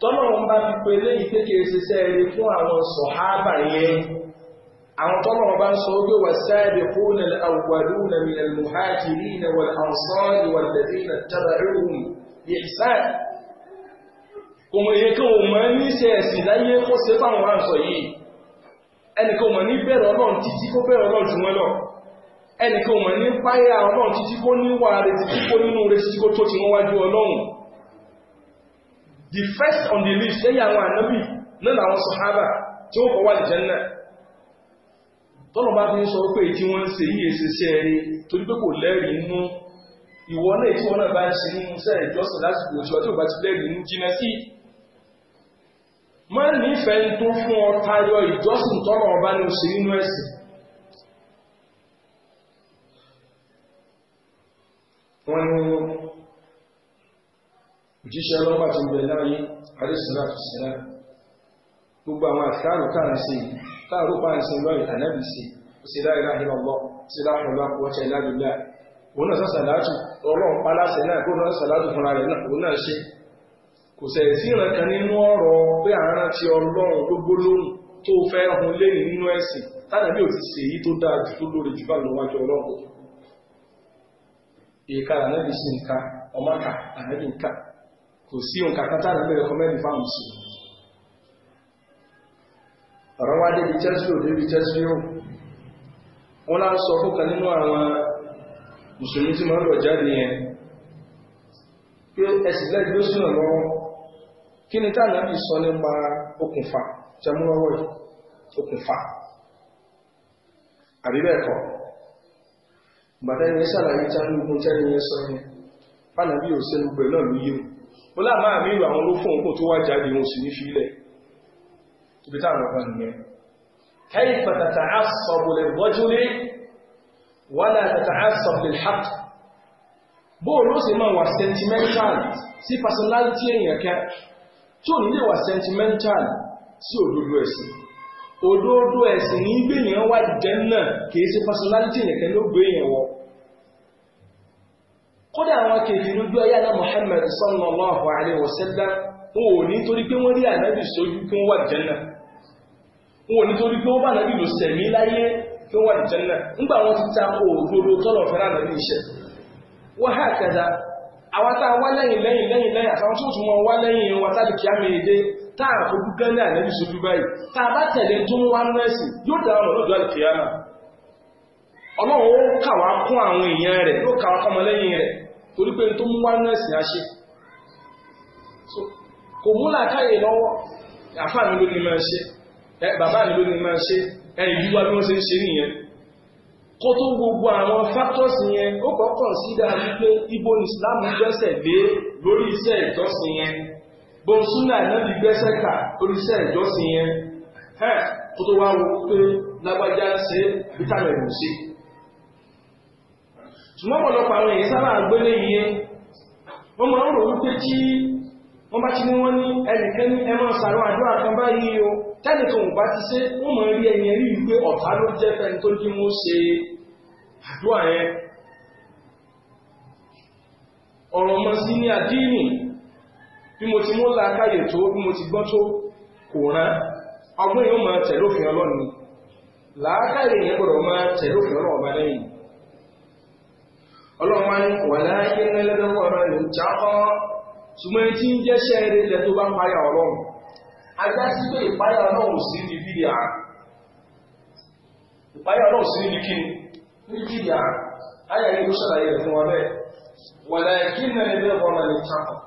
tọ́lọ̀ wọn bá fi pe léyìí pé kì í ṣiṣẹ́ rí fún àwọn sọ̀hábà yẹn àwọn tọ́lọ̀ wọn bá ń sọ wípé wà sáàbì kúnà àwùwàdúnà mi àlùmùhájìrì na wà ànsọ́ọ̀lì wà lẹ́bí na tábà ìrùn yẹ̀sà kò mọ̀ yẹ kí wọ́n mọ̀ ní ṣe ẹ̀sìn láyé kó ṣe fáwọn àǹsọ̀ yìí ẹnì kan mọ̀ ní bẹ̀rẹ̀ ọlọ́run títí kó bẹ̀rẹ̀ ọlọ́run jù wọ́n lọ ẹnìkan ò mọ̀ ní páyà ọlọ́run títí kó níwà rẹ̀ títí kó nínú rẹ̀ títí kó tó ti wọ́n wájú ọlọ́run the first on the list lẹ́yìn àwọn ànábì lọ́nà àwọn sọ̀hábà tí ó kọ̀ wà lìjẹ́nà tọ́lọ̀ bá fi ń sọ pé tí wọ́n ń ṣe yíye ṣe ṣe ẹni torí pé kò lẹ́rìí inú ìwọ náà tí wọ́n náà bá ń ṣe nínú iṣẹ́ ìjọsìn lásìkò òṣùwà tí ò bá ti lẹ́rìí inú jìnà sí má nífẹ̀ẹ́ tó fún ọ tayọ ìjọsìn tọ́lọ̀ ọba ní òṣèlú ẹ̀sìn wọ́n ní òjíṣẹ́ ọlọ́pà ti bẹ̀ láyé àríṣìlá tó sílá gbogbo àwọn àṣàrò káà sí káàrò páà sí lọ́yìn ànábì sí sí la ilaha illallah sí láhùlá wọ́tẹ̀ ìlàdùlá òun náà ọlọ́run paláṣẹ náà kó náà fúnra rẹ̀ náà òun náà ṣe kò sí ìrànkan nínú ọ̀rọ̀ pé ti ọlọ́run gbogbo lóhùn tó fẹ́ hun nínú ẹ̀sìn tánàbí ò ti ṣèyí tó dáa jù tó lórí jù bá lọ́wọ́ àjọ ọlọ́run ìka ànábì sí nǹka ọmọka ànábì nǹka kò sí òǹkà kátà ànábì rẹkọmẹ́ndì fáwọn mùsùlùmí ọ̀rọ̀ wá débi chelsea ò débi chelsea ó wọ́n lá ń sọ fún kan nínú àwọn mùsùlùmí tí máa ń lọ jáde yẹn pé ẹ̀sìn lẹ́yìn ló sùn lọ́wọ́ kí ni táwọn àbí sọ nípa okùnfà jẹmúlọ́wọ́ yìí okùnfà àbí bẹ́ẹ̀ kọ́ gbàtẹ́ni ṣàlàyé tánúkún tẹ́ni yẹn sọ yẹn fánàbí ò sẹ́nu pẹ̀lú ọ̀lú yíò ó láàmà àmìrò àwọn olófún òkú tó wá jáde wọn sì ní fílẹ̀ ibi táwọn ọ̀gá nìyẹn kẹ́yì pàtàkì àṣọ̀bùlẹ̀ bọ́júlé wà látàkì àṣọ̀bùlẹ̀ hàt bóò ló sì Ododo ẹ̀sìn ní gbèyàn wá jẹ́nà kìí ṣe personality nìkan ló gbèyàn wọ kódà àwọn kèfì lójú ayé àná Muhammad sallallahu alaihi wasallam wọn ò wọn ò ní torí a wá lẹ́yìn lẹ́yìn lẹ́yìn lẹ́yìn àtàwọn tó táà fojú gánà ànábì sojú báyìí tá a bá tẹ̀lé tó ń wá nẹ́ẹ̀sì yóò dára lọ lọ́dọ̀ àlùkìyàmà ọlọ́run ó kà wá kún àwọn èèyàn rẹ̀ yóò kà wá kọ́mọ lẹ́yìn rẹ̀ torí pé tó ń wá nẹ́ẹ̀sì á ṣe kò mú làákàyè lọ́wọ́ àfáà mi ló ní máa ṣe bàbá mi ló ní máa ṣe ẹ̀yìn yíwá bí wọ́n ṣe ń ṣe nìyẹn kó tó gbogbo àwọn factors yẹn ó kọ́kọ́ sí dáa wípé ibo Islam gbẹ́sẹ̀ lé lórí iṣẹ́ ìjọsìn yẹn bóun súnà ìnábi gbẹ́sẹ̀ kà oríṣẹ́ ìjọsìn yẹn ẹ̀ kó tó wá wo pé lágbájá ń ṣe vitamin ò sí. ṣùgbọ́n ọ̀pọ̀lọpọ̀ àwọn èèyàn sábà gbélé yẹn wọ́n máa ń rò wípé tí wọ́n bá ti ní wọ́n ní ẹnìkan ní ẹ máa sàrò àdúrà kan báyìí o tẹ́nìkan ò bá ti ṣe wọ́n máa rí ẹni rí wípé ọ̀tá ló jẹ́ fẹ́ni tó dín wọ́n ṣe àdúrà yẹn ọ̀rọ̀ mọ́ sí ní àdínì bí mo ti mú làákàyè tó bí mo ti gbọ́n tó kò rán ọgbọ́n yóò máa tẹ̀lé òfin ọlọ́run ni làákàyè yẹn gbọ́dọ̀ máa tẹ̀lé òfin ọlọ́run lẹ́yìn ọlọ́run máa wà láyé lẹ́lẹ́dẹ́kọ̀ ọ̀rọ̀ ìlú jákọ́ ṣùgbọ́n tí ń jẹ́ṣẹ́ eré ilẹ̀ tó bá ọlọ́run ajá sí pé ìpáyà ọlọ́run sí ní bíi à ìpáyà ọlọ́run sí ní ní bíi à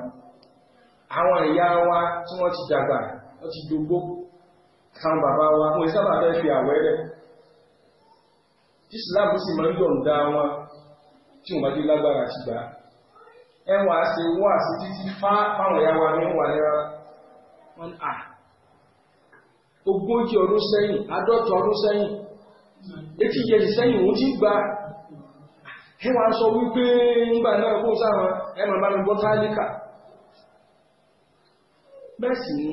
àwọn ìyá wa tí wọ́n ti dàgbà wọ́n ti dógbó kan bàbá wa wọ́n sábà fẹ́ fi àwẹ̀ rẹ̀ Islam sì máa ń yọ̀ǹda wọn tí wọ́n bá dé lágbára ti gbà ẹ á títí fáwọn ìyá wa ní wà wọn à ogójì ọdún sẹ́yìn àádọ́ta ọdún sẹ́yìn etí sẹ́yìn òun ti gbà ẹ bẹ́ẹ̀ ni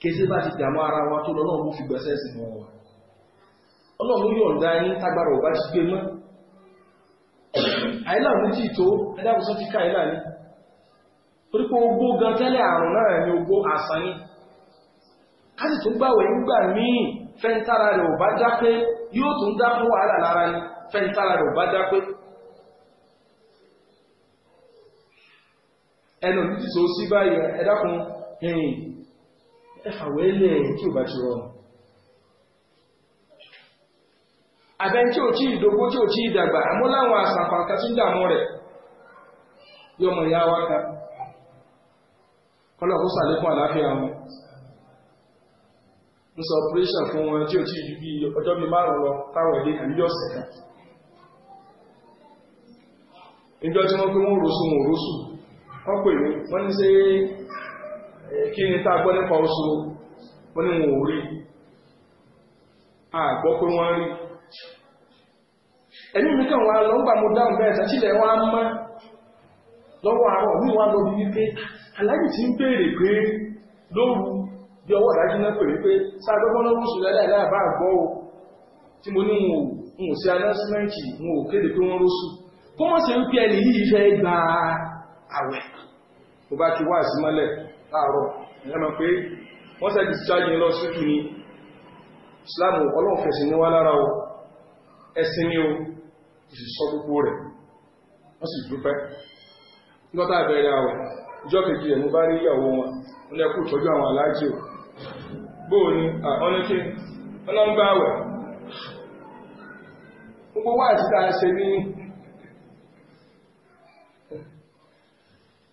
kéṣe bá ti dàmọ́ ara wa tó lọ́nà mú fi gbẹ̀sẹ̀ sí mọ́ wa ọlọ́run yọ̀ǹda yín tágbára ò ti gbé mọ́ àìlà tó ẹ̀dàkùsọ́ ti ká àìlà ní torípé ogbó gan tẹ́lẹ̀ àrùn náà ni ogbó àsán yìí ká sì tún gbàwẹ̀ nígbà míì rẹ̀ já pé yóò tún dá fún wàhálà lára rẹ̀ já pé ẹnu sí báyìí ẹ̀yìn ẹ̀fàwẹ́ ilẹ̀ tí ò bá ti rọrùn abẹ́ tí ò tí ìdógó tí ò tí ìdàgbà àmúláwọn àsàpàkà tí ń dààmú rẹ̀ yọmọ ìyá wa kọ́lọ̀ kó sàlékún wọn sọ operation fún wọn tí ò tí ìdú bí ọjọ́ bí márùn lọ táwọn èdè àbí ọ̀sẹ̀ kan ìjọ tí wọ́n pé wọ́n rọ̀sùn wọ́n rọ̀sùn wọ́n kí ni tá a gbọ́ nípa oṣù wọn ni wọn ò rí a gbọ́ pé wọ́n rí ẹ̀mí mi kàn wá lọ ń gbà mo dáhùn bẹ́ẹ̀ sàtìlẹ̀ wọn á mọ́ lọ́wọ́ àárọ̀ mi wá lọ bí wípé aláàjì ti ń béèrè pé lóru bí ọwọ́ ìdájú náà pèrè pé sáàdọ́gbọ́n lọ́wọ́ oṣù lẹ́lẹ́ láàbá àgbọ́ o tí mo ní n ò sí anọ́símẹ́ǹtì n ò kéde pé wọ́n lóṣù kó mọ̀ sí wípé ẹni yìí fẹ́ gba àwẹ̀ mo bá ti wá àsímọ́lẹ̀ láàárọ̀ ìyẹ́mọ̀ pé wọ́n sẹ́ discharge lọ síjú ni islamu ọlọ́fẹ̀ẹ́sì ní wá lára o ẹsìn ni o ti sọ gbogbo rẹ̀ wọ́n sì dúpẹ́ lọ́tà àbẹ̀rẹ̀ àwẹ̀ ìjọ kejì ẹ̀mú bá rí ìyàwó wọn ní ẹkú ìtọ́jú àwọn aláàjì o bóò ọlọ́ngbà gbogbo wáyé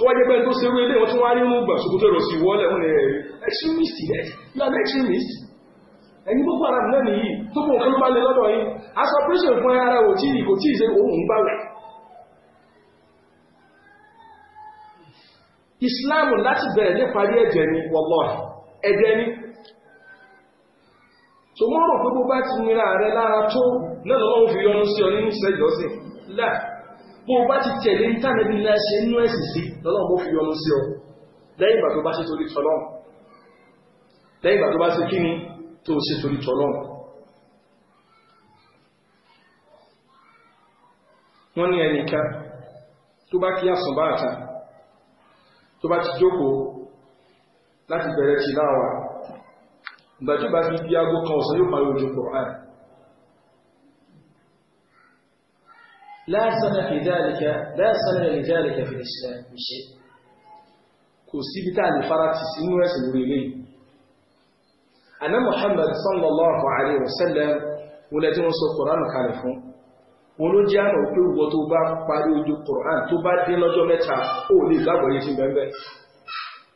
tó wáyé pé tó ṣerú ilé wọn tí wọ́n á rí gbà ṣòkòtò ẹ̀rọ sí ìwọ́lẹ̀ wọn ni extremist yes you are extremist ẹni gbogbo ara náà nìyí tó kún òkú bá lè lọ́dọ̀ yìí aṣọ prison fún ara ò tí kò tí ì ṣe òun ń bàwẹ̀ Islam láti bẹ̀rẹ̀ ní parí ẹ̀jẹ̀ ni wallahi ẹ̀jẹ̀ ni tó mọ́ rò pé bó bá ti mìíràn rẹ lára tó lẹ́nu lọ́wọ́ fi yọnu sí ọ nínú ìṣẹ́jọ́sìn láà bó o bá ti tẹ̀lé ìtànẹ́bí náà ṣe nínú ẹ̀sìn sí lọ́lọ́run bó fi yọ́nú sí ọ lẹ́yìn ìgbà tó bá ṣe torí tọ́lọ́run lẹ́yìn ìgbà tó bá ṣe kíni tó ṣe torí tọ́lọ́run wọ́n ní ẹnìkan tó bá kí àsùn bá àtà tó bá ti jókòó láti bẹ̀rẹ̀ tìláwà ìgbà tó bá bí aago kan ọ̀sán yóò parí ojú Kùránì لا سنة في ذلك لا سنة لذلك في الإسلام بشيء kò síbi tá a lè fara ti sínú ẹ̀sìn lórí ilé yìí. Àná Muhammad sallallahu alayhi wa sallam wọlé tí wọ́n sọ Kùránù kalẹ̀ fún. Wọ́n ló jẹ́ àmà òpé wọ́n tó bá parí ojú Kùránù tó bá dé lọ́jọ́ mẹ́ta ó lè gbàgbọ́ yìí ti bẹ́ẹ̀ bẹ́ẹ̀.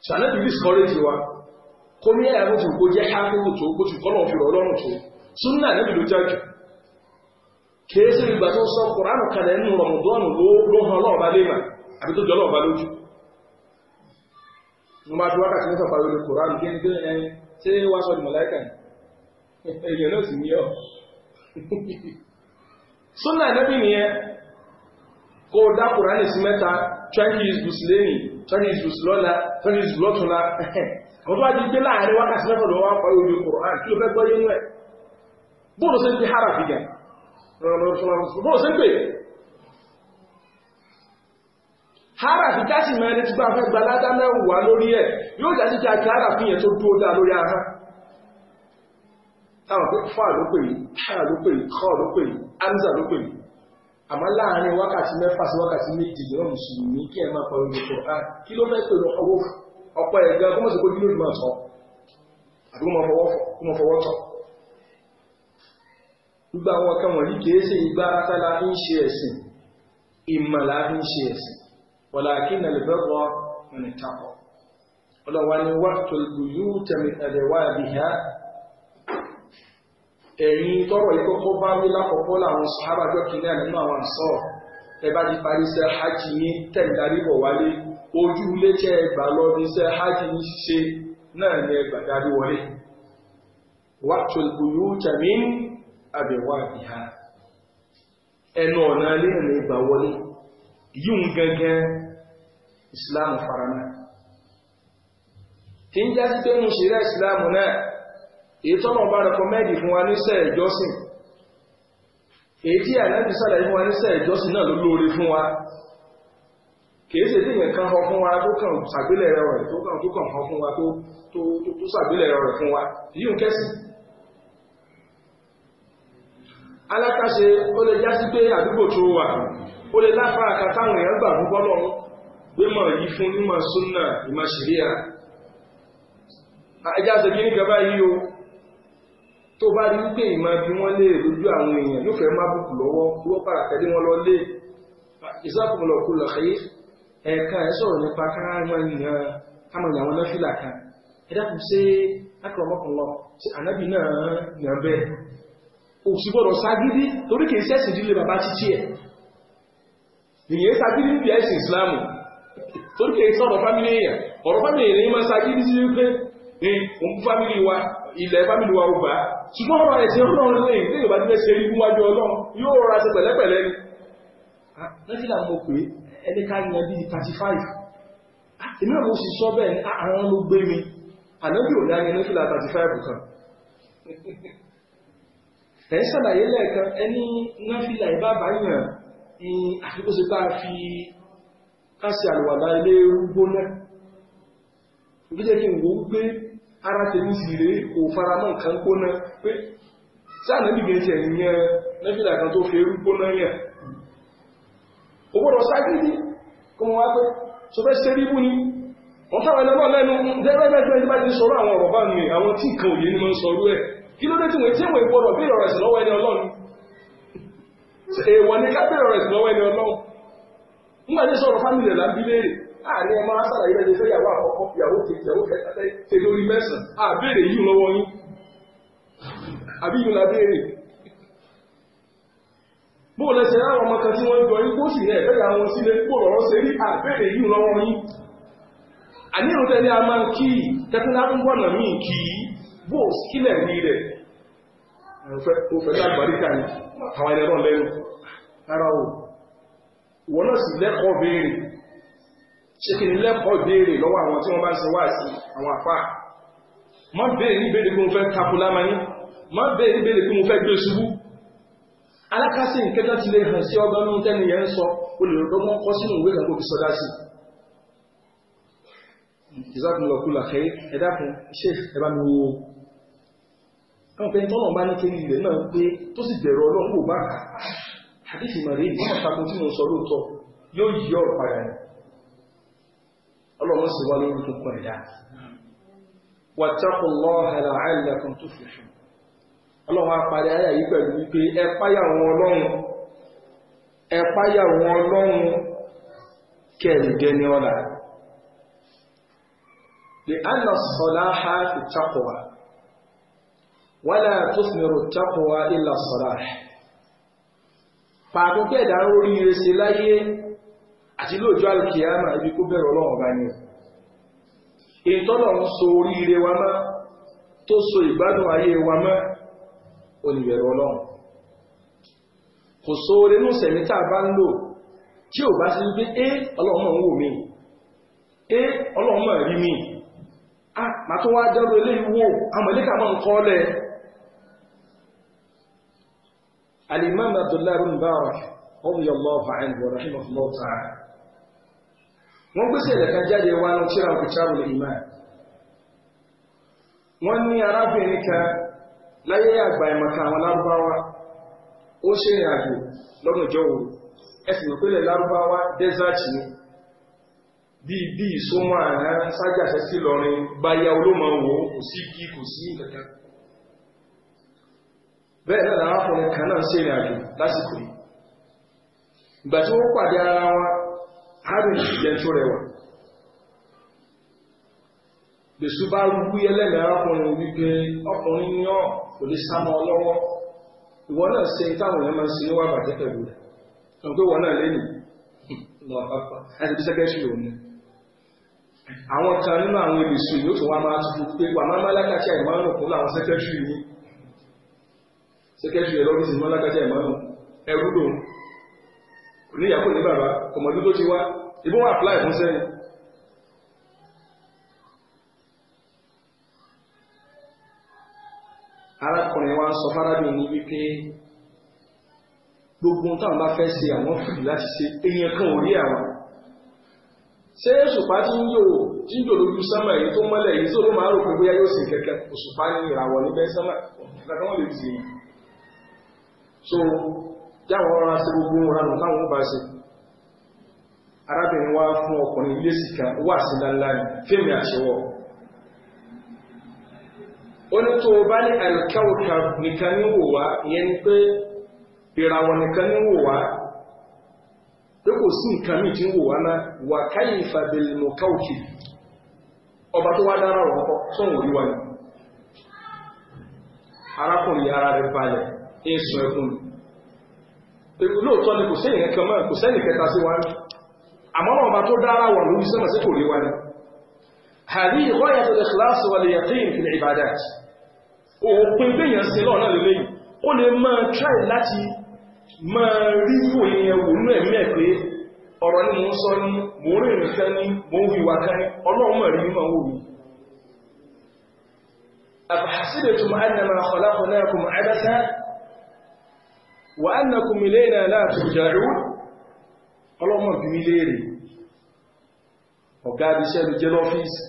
Ṣàlẹ́ bí discourage wa, kó ní ẹ̀rọ tó kó jẹ́ hákúrú tó kó ti kọ́nà òfin ọlọ́run tó, súnà níbi ló jáde kèése ìgbà tó sọ kòránù kalẹ̀ nínú rọmùdọ́nù ló hàn lọ́ọ̀bá lèmà àbí tó jọ lọ́ọ̀bá lójú mo máa fi wákàtí mẹ́fà parí olè kòránù kí ní kí ẹni tí wá sọ ìmọ̀láìkà [laughs] èèyàn náà sì ní ọ súnà [laughs] ìnẹ́bí nìyẹn kó o dá kòránì sí mẹ́ta twenty years bus [laughs] hara fi ká sì máa ẹni tí bá fẹ́ gba ládá mẹ́wàá lórí ẹ̀ yóò dájú kí àti hara fi yẹn tó dúó dá lórí ahá táwọn pé fà ló pè yìí hara ló pè yìí kọ́ ló pè yìí anza ló pè yìí àmọ́ láàárín wákàtí mẹ́fà sí wákàtí méjì yóò mùsùlùmí kí ẹ máa pariwo ìfọ̀ á kí ló fẹ́ pè lọ ọwọ́ ọ̀pọ̀ ẹ̀gá kọ́mọ̀sí kó dúró ìmọ̀ sọ àbí kó mọ fọwọ́ tọ̀ gbogbo àwọn ọ̀kan wọ̀nyí kìí ṣe ìgbà tálà ń ṣe ẹ̀sìn ìmọ̀lá ń ṣe ẹ̀sìn walakin al-birra man ittaqa ọlọ́wà ni waqtu al-buyut min adwabiha ẹ̀yìn tọrọ ìkọ́kọ́ bá wí lákọ̀ọ́kọ́ làwọn sàhábà jọ kìí náà nínú àwọn àṣọ ẹ bá ti parí iṣẹ́ hajj yín tẹ̀ bọ̀ wálé ojú ilé tẹ́ lọ ní iṣẹ́ hajj yín ṣe náà ni ẹ gbà wọlé waqtu al-buyut min abẹ̀wàbíhá ẹnu ọ̀nà ilé ẹ̀nà ìgbà wọlé yíò gẹ́gẹ́ ìsìláàmù farama tí ń já sí pé mú ṣe rẹ̀ ìsìláàmù náà èyí tọ́nà bá rẹ̀kọ́mẹ́dì fún wa níṣẹ́ ìjọsìn èyí tí ànábì sàlàyé fún wa níṣẹ́ ìjọsìn náà ló lóore fún wa kìí ṣe tíyàn kan họ fún wa tó kàn sàgbélẹ̀ rẹ̀ tó kàn họ fún wa tó sàgbélẹ̀ rẹ̀ fún wa yíò kẹ́sì alákàṣe ó lè jásí pé àdúgbò tó wà ó lè láfàá àkàtàwọn èèyàn gbà fún bọ́lọ̀ pé mọ̀ yìí fún mímọ̀ súnà ìmọ̀ ṣìríà ẹjá ṣe kí ní gaba yìí o tó bá rí pé ìmọ̀ bí wọ́n lè lójú àwọn èèyàn yóò fẹ́ má bùkù lọ́wọ́ kí wọ́n bára tẹ̀lé wọn lọ lé ìsákùnlọ̀kù lọ̀kẹ́ ẹ̀ka ẹ̀ sọ̀rọ̀ nípa kámọ̀nyà wọn náà fìlà kan ẹ dákun ṣe akọ̀ọ̀mọ́kànlọ́ ṣe ànábì náà yàn bẹ́ẹ̀ òsìgbọ́dọ̀ ságídí torí kìí sẹ́sì dílé bàbá títí ẹ̀ ìyẹn ságídí níbi ẹ̀sìn ìsìláàmù torí kìí sọ̀rọ̀ fámílì èèyàn ọ̀rọ̀ fámílì èèyàn máa ságídí sí wípé ní òun fámílì wa ilẹ̀ fámílì wa ọgbà ṣùgbọ́n ọ̀rọ̀ ẹ̀sìn ọlọ́run lẹ́yìn lẹ́yìn bá tilẹ̀ ṣe níwájú ọlọ́run yóò ni lẹ́sìn thirty five èmi náà mo sì sọ bẹ́ẹ̀ ah, thirty five kan [laughs] ẹ̀ ṣàlàyé lẹ́ẹ̀kan ẹni náfìlà ìbábá yàn ní àfikúnṣepá fi káṣí àlùwàlá ilé rúgbóná ìgbésẹ̀ kí n wò ó gbé ara tèmi sì rèé kò fara mọ́ nǹkan gbóná pé sáà náà nìgbẹ́ tiẹ̀ yẹn náfìlà kan tó fi rúgbóná yàn ó gbọ́dọ̀ ságídí kó wọn wá pé tó fẹ́ ṣe rí bú ni wọ́n fáwọn ẹlẹ́mọ̀ lẹ́nu dẹ́rẹ́gbẹ́gbẹ́ ti bá ti sọ̀rọ̀ àwọn ọ̀rọ̀ bá mi àwọn tí nǹkan òye ni mo ń sọ̀rọ̀ ẹ̀ kí ló dé tí wọ́n tí wọ́n gbọ́dọ̀ bí ìrọ̀rẹ̀ sí lọ́wọ́ ẹni ọlọ́run èèwọ̀ ni ká bí ìrọ̀rẹ̀ sí lọ́wọ́ ẹni ọlọ́run nígbà tí sọ̀rọ̀ fámìlì rẹ̀ lábí léèrè àárín ọmọ asàlàyé rẹ̀ ṣe fẹ́ yàwó àkọ́kọ́ yàwó kejì yàwó kẹta ṣe lórí mẹ́sàn-án àbèrè yìí lọ́wọ́ yín àbí yìí lábèrè bó lẹ́sẹ̀ láwọn ọmọ kan tí wọ́n jọ yín kó sì rẹ̀ fẹ́ yà wọn sílé kó lọ́rọ́ ṣe rí àbèrè yìí lọ́wọ́ yín àníyàn tẹ́lẹ̀ a máa ń kí tẹ́tẹ́lá ń gbọ́nà míì kì í bó o sílẹ̀ ní rẹ̀ o fẹ́ lágbàríkà ní àwọn ẹlẹ́rọ o wọ́n náà sì lẹ́kọ̀ọ́ béèrè ṣe kì ní lẹ́kọ̀ọ́ béèrè lọ́wọ́ àwọn tí wọ́n bá ń ṣe wáàsí àwọn àpá má béèrè ní béèrè pé mo fẹ́ tapu lámáyé má béèrè ní béèrè pé mo fẹ́ gbé ti lè hàn sí ọgbọ́n ní tẹ́ni yẹn sọ olùrọ̀dọ́gbọ́n kọ́ sínú ìwé kan fi sọdá sí i kẹ́ ẹ̀dàkùn ṣe ẹ̀bá mi wo kan pé tọ́lọ̀ bá ní kiri ilẹ̀ náà pé tó sì bẹ̀rọ ọlọ́pù bá kà àdífì mọ̀rí ìwọ̀n takun tí mo sọ lóòótọ́ yóò yí ọ̀rọ̀ padà ní ọlọ́run sì wá lórí tuntun ẹ̀dá wattaqullaha la'allakum tuflihun ọlọ́run apàdé ayà yìí pẹ̀lú wípé ẹ ọlọ́run ẹ ní ọ̀la wala tuthmiru taqwa illa salah pàtún kí ẹ̀dá orí irese láyé àti lóòjọ́ alkiyama ibi kó bẹ̀rẹ̀ ọlọ́run bá ní ìtọ́nà ń so oríire wa mọ́ tó so ìgbádùn ayé wa mọ́ olùbẹ̀rẹ̀ ọlọ́run kò so oore ní ìsẹ̀mí tá a bá ń lò tí ò bá sí wípé é ọlọ́run máa ń wò mí é ọlọ́run máa rí mi a ah, màá tó wá dẹ́rù eléyìí wò àmọ́ ilé kà máa ń kọ́ lẹ́ẹ̀ الإمام عبد الله بن مبارك رضي الله عنه ورحمه الله تعالى wọ́n gbèsè ẹ̀lẹ̀kan jáde wá ní tíra òkútàrù ìmáà wọ́n ní arábìnrin kan láyé àgbà ìmọ̀ta àwọn lárúbáwá ó ṣe ìrìn àjò lọ́nà ìjọwò ẹ̀sìn ìpínlẹ̀ lárúbáwá dẹ́sàtì ni bí bí ìsómọ́ àná sájà sẹ́sí lọrin báyá olómọ̀ wò kò sí kí kò sí nǹkan kan bẹ́ẹ̀ náà arákùnrin kan náà ṣe ìrìn àjò lásìkò yìí ìgbà tí wọ́n pàdé ara wọn harry jẹ́ntó rẹwà gbèsù bá rúgbú yẹlẹ́mẹ̀ arákùnrin wípé ọkùnrin ní kò sá lọ́wọ́ ìwọ náà ṣe táwọn máa ń ṣe bàjẹ́ pẹ̀lú rẹ̀ náà lọ pápá àwọn kan nínú àwọn yóò tún wá máa pé sẹkẹtìrì lọ́fíìsì mọ́lákàtà ìmọ̀nù ẹrú lòun oníyàwó ní bàbá ọmọdún tó ti wá ìbọn wà apply fún sẹ́yìn. arákùnrin wa sọ fárábìnrin ní wípé gbogbo táwọn bá fẹ́ ṣe àwọn fìlì láti ṣe èèyàn kan ò rí àwọn ṣé òṣùpá tí ń yò tí ń yò lójú sánmà èyí tó mọ́lẹ̀ èyí tó ló máa rò pé bóyá yóò sì kẹ̀kẹ́ òṣùpá ní ìràwọ̀ níbẹ̀ sánmà kankan wọ́n lè ti yàn so jáwọn ọ̀rọ̀ sí gbogbo wọn ránù táwọn bá ṣe arábìnrin fún ọkùnrin ilé síkà wà sí láńláì fíìmì àṣẹwọ̀ ó ní tó bá ní nìkan wá ìyẹn ni pé ìràwọ̀ nìkan níwò wá pé kò sí nǹkan míì tí ń wò wá náà wà ọba tó wá dára sọ̀rọ̀ arákùnrin balẹ̀ ń sun ẹkún ni lóòótọ́ ni kò sẹ́yìn kankan mọ́ kò sẹ́yìn kẹta sí wa ní àmọ́ náà ọba tó dára wà lórí sẹ́mọ̀ sí kò rí wa ní. hàbí ìkọ́ yàtọ̀ lè kíláàsì wà lè yàtọ̀ yìí fìlẹ̀ ìbàdà òpin bẹ́yàn sí lọ́ọ̀ náà lélẹ́yìn ó lè máa try láti máa rí fòye أنما خلقناكم عبثا wà annakum ilayna la turja'un ọlọ́mọ bí mi léèrè ọ̀gá àdíṣẹ́ ló jẹ́ lọ́fíìsì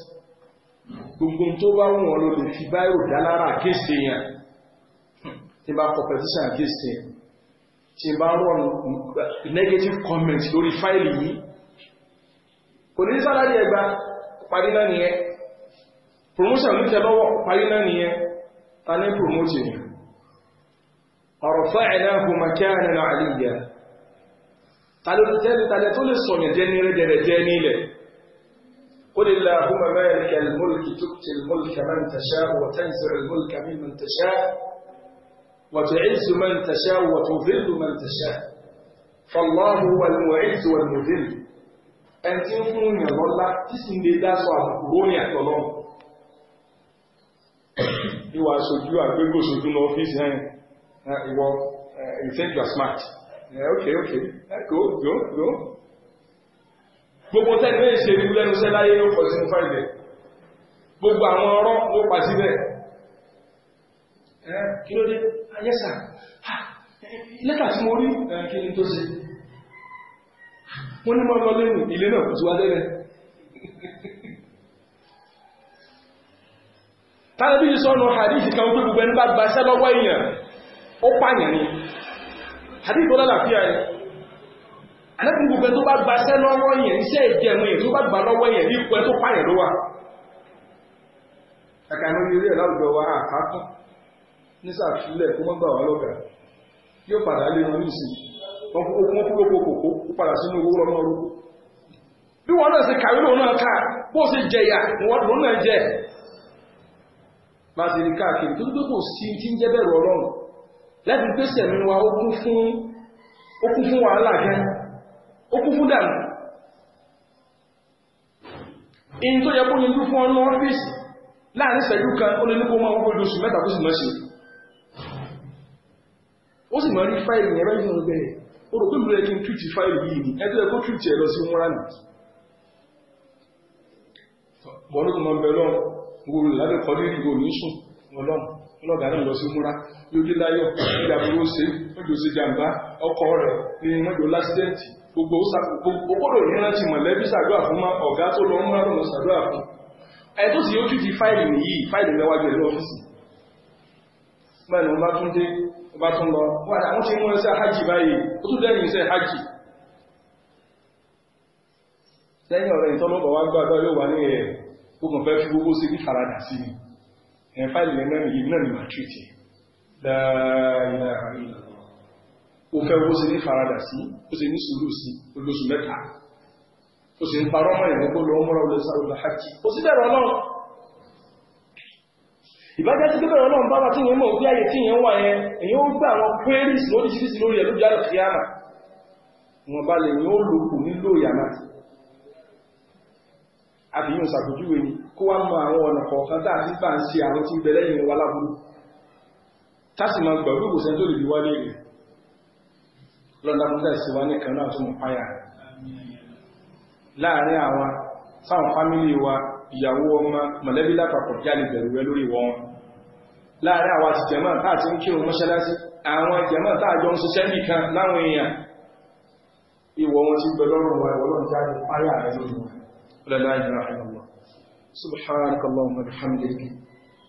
gbogbo tó bá wù wọn ló lè fi báyìí dá lára àkéṣe yẹn tí bá competition àkéṣe yẹn tí bá rọ̀ negative comment lórí fáìlì yìí kò ní sálárì ẹgbà parí náà nìyẹn promotion ló tẹ lọ́wọ́ parí náà nìyẹn ta ní promotion ورفعناه مكانا عليا tàlẹ̀ tó lè طول الصوم ní rẹ̀gẹ̀rẹ̀ jẹ́ nílẹ̀ قل اللهم مالك الملك تؤتي الملك من تشاء وتنزع الملك ممن تشاء وتعز من تشاء وتذل من تشاء فالله هو المعز والمذل أنت يفون يا الله تسمى داس وعبرون يا طلاب [coughs] يواسوجوا أبيكو سجون أوفيس هاي ìwọ uh, uh, you think you are smart uh, okay. ok go go go gbogbo tẹ́lẹ̀ bẹ́ẹ̀ ṣe ìlú lẹ́nu iṣẹ́ láyé ló kọ sínú fáìlì gbogbo àwọn ọ̀rọ̀ ló pa síbẹ̀ kí ló dé ayẹ́sà ah, ah, lẹ́tà tí mo rí kí ni tó ṣe wọ́n ní mọ́ lọ lẹ́nu ilé náà kò tó wá lẹ́rẹ̀ tàbí sọ́nà hadith kan pé gbogbo ẹni bá gbaṣẹ́ lọ́wọ́ èèyàn ó pààyàn ni àdíkò lálàáfíà rẹ̀ alẹ́kùn gbogbo tó bá gbaṣẹ́ lọ́wọ́ yẹn iṣẹ́ ìjẹun yẹn tó bá gbà lọ́wọ́ yẹn bí pẹ́ tó pààyàn ló wà kàkà ní ilé láwùjọ wa àkákùn nísàfilẹ̀ kó mọ́gbà wà lọ́gà yóò padà lé wọn nísì okun okun lóko kòkó ó padà sínú owó rọmọ orúkú bí wọn náà ṣe kàwé lòun náà ká bó ṣe jẹyà wọn náà jẹ bá ṣe rí káàkiri tó tó kò sí ti ń jẹ bẹ̀rù Ọlọ́run láti gbèsè mi wa ó fún wàhálà gan ó fún dànù in tó yẹ kó ní fún ọ́nà ọ́fíìsì láàrin ìṣẹ́jú kan ó lè ní kó máa wọ́pọ̀ lóṣù mẹ́ta kó sì mọ́ sí ó sì mọ́ rí fáìlì yẹn bẹ́ẹ̀ nínú bẹ́ẹ̀ ó rò pé mi lè kí n túìtì fáìlì yìí ni ẹjọ́ ẹ̀kọ́ túìtì ẹ̀ lọ sí múra nì wọ́n ló kọ́ mọ́ bẹ́ẹ̀ lọ́rùn gbòòrò lábẹ́ kọ́ lórí ìgò ní sùn ọlọ́run ọlọ́gàá lọ sí múra lórí láyọ̀ ìdàbúrò ṣe mọ́jọ ṣe jàǹbá ọkọ̀ rẹ̀ ní mọ́jọ lásìdẹ́ǹtì gbogbo òkúrò ìrántí mọ̀lẹ́bí ṣàdúrà fún ọ̀gá tó lọ ń bá lọ́nà ṣàdúrà fún ẹ̀ tó sì yóò tún ti fáìlì nìyí fáìlì lẹ́wájú ẹ̀ lọ́fíìsì báyìí wọ́n bá tún dé wọ́n bá tún lọ wọ́n àwọn tí wọ́n ṣe hajj báyìí ó tún lẹ́yìn iṣẹ́ hajj lẹ́yìn ọ̀rẹ́ ìtọ́lọ́bọ̀ wá gbàgbọ́ yóò wà ní ẹ̀ gbogbo fẹ́ fi gbogbo sí ní faradà sí ni ẹ̀ fáìlì lẹ́mẹ́rin yìí náà ni màá tìrìtì la ilaha illallah ó fẹ́ bó ṣe ní faradà sí ó ṣe ní sùúrù sí olóṣù mẹ́ta ó ṣe ń parọ́ mọ́ ìwọ́n kó lọ mọ́ra olè sáré lọ hajj ó sì bẹ̀rẹ̀ ọlọ́run ìbájá sí bẹ̀rẹ̀ ọlọ́run bá wà tí yẹn mọ̀ bí ayé tí yẹn wà yẹn èyí ó gbà àwọn queries lóríṣiríṣi lórí ẹ̀lú jáde fìyàmà wọn bá lè yẹn ó lò kù nílò ìyàmà àfihàn ṣàpèjúwe ni kó wá mọ àwọn ọ̀nà kọ̀ọ̀kan tá à ń gbà ń ṣe àwọn tí ń bẹ lẹ́yìn wa láburú tásì máa gbà gbogbo sẹ́ni tó lè di wálé rẹ̀ lọ́dà mọ́tà ìsìnwá nìkan náà tó mọ̀ páyà rẹ̀ láàárín àwọn sáwọn fámílì wa ìyàwó ọmọ mọ̀lẹ́bí lápapọ̀ kí a lè bẹ̀rù rẹ lórí wọn láàárín àwọn àtìjẹ̀mọ́ táà ti ń kírun mọ́ṣáláṣí àwọn ìjẹ̀mọ́ táà jọ ń ṣiṣẹ́ nìkan láwọn èèyàn ìwọ̀ wọn ti gbẹ lọ́rùn wa ìwọ̀ lọ́rùn jáde páyà rẹ lórí wọn lọ́dà ìjọba subhanakallahumma bihamdika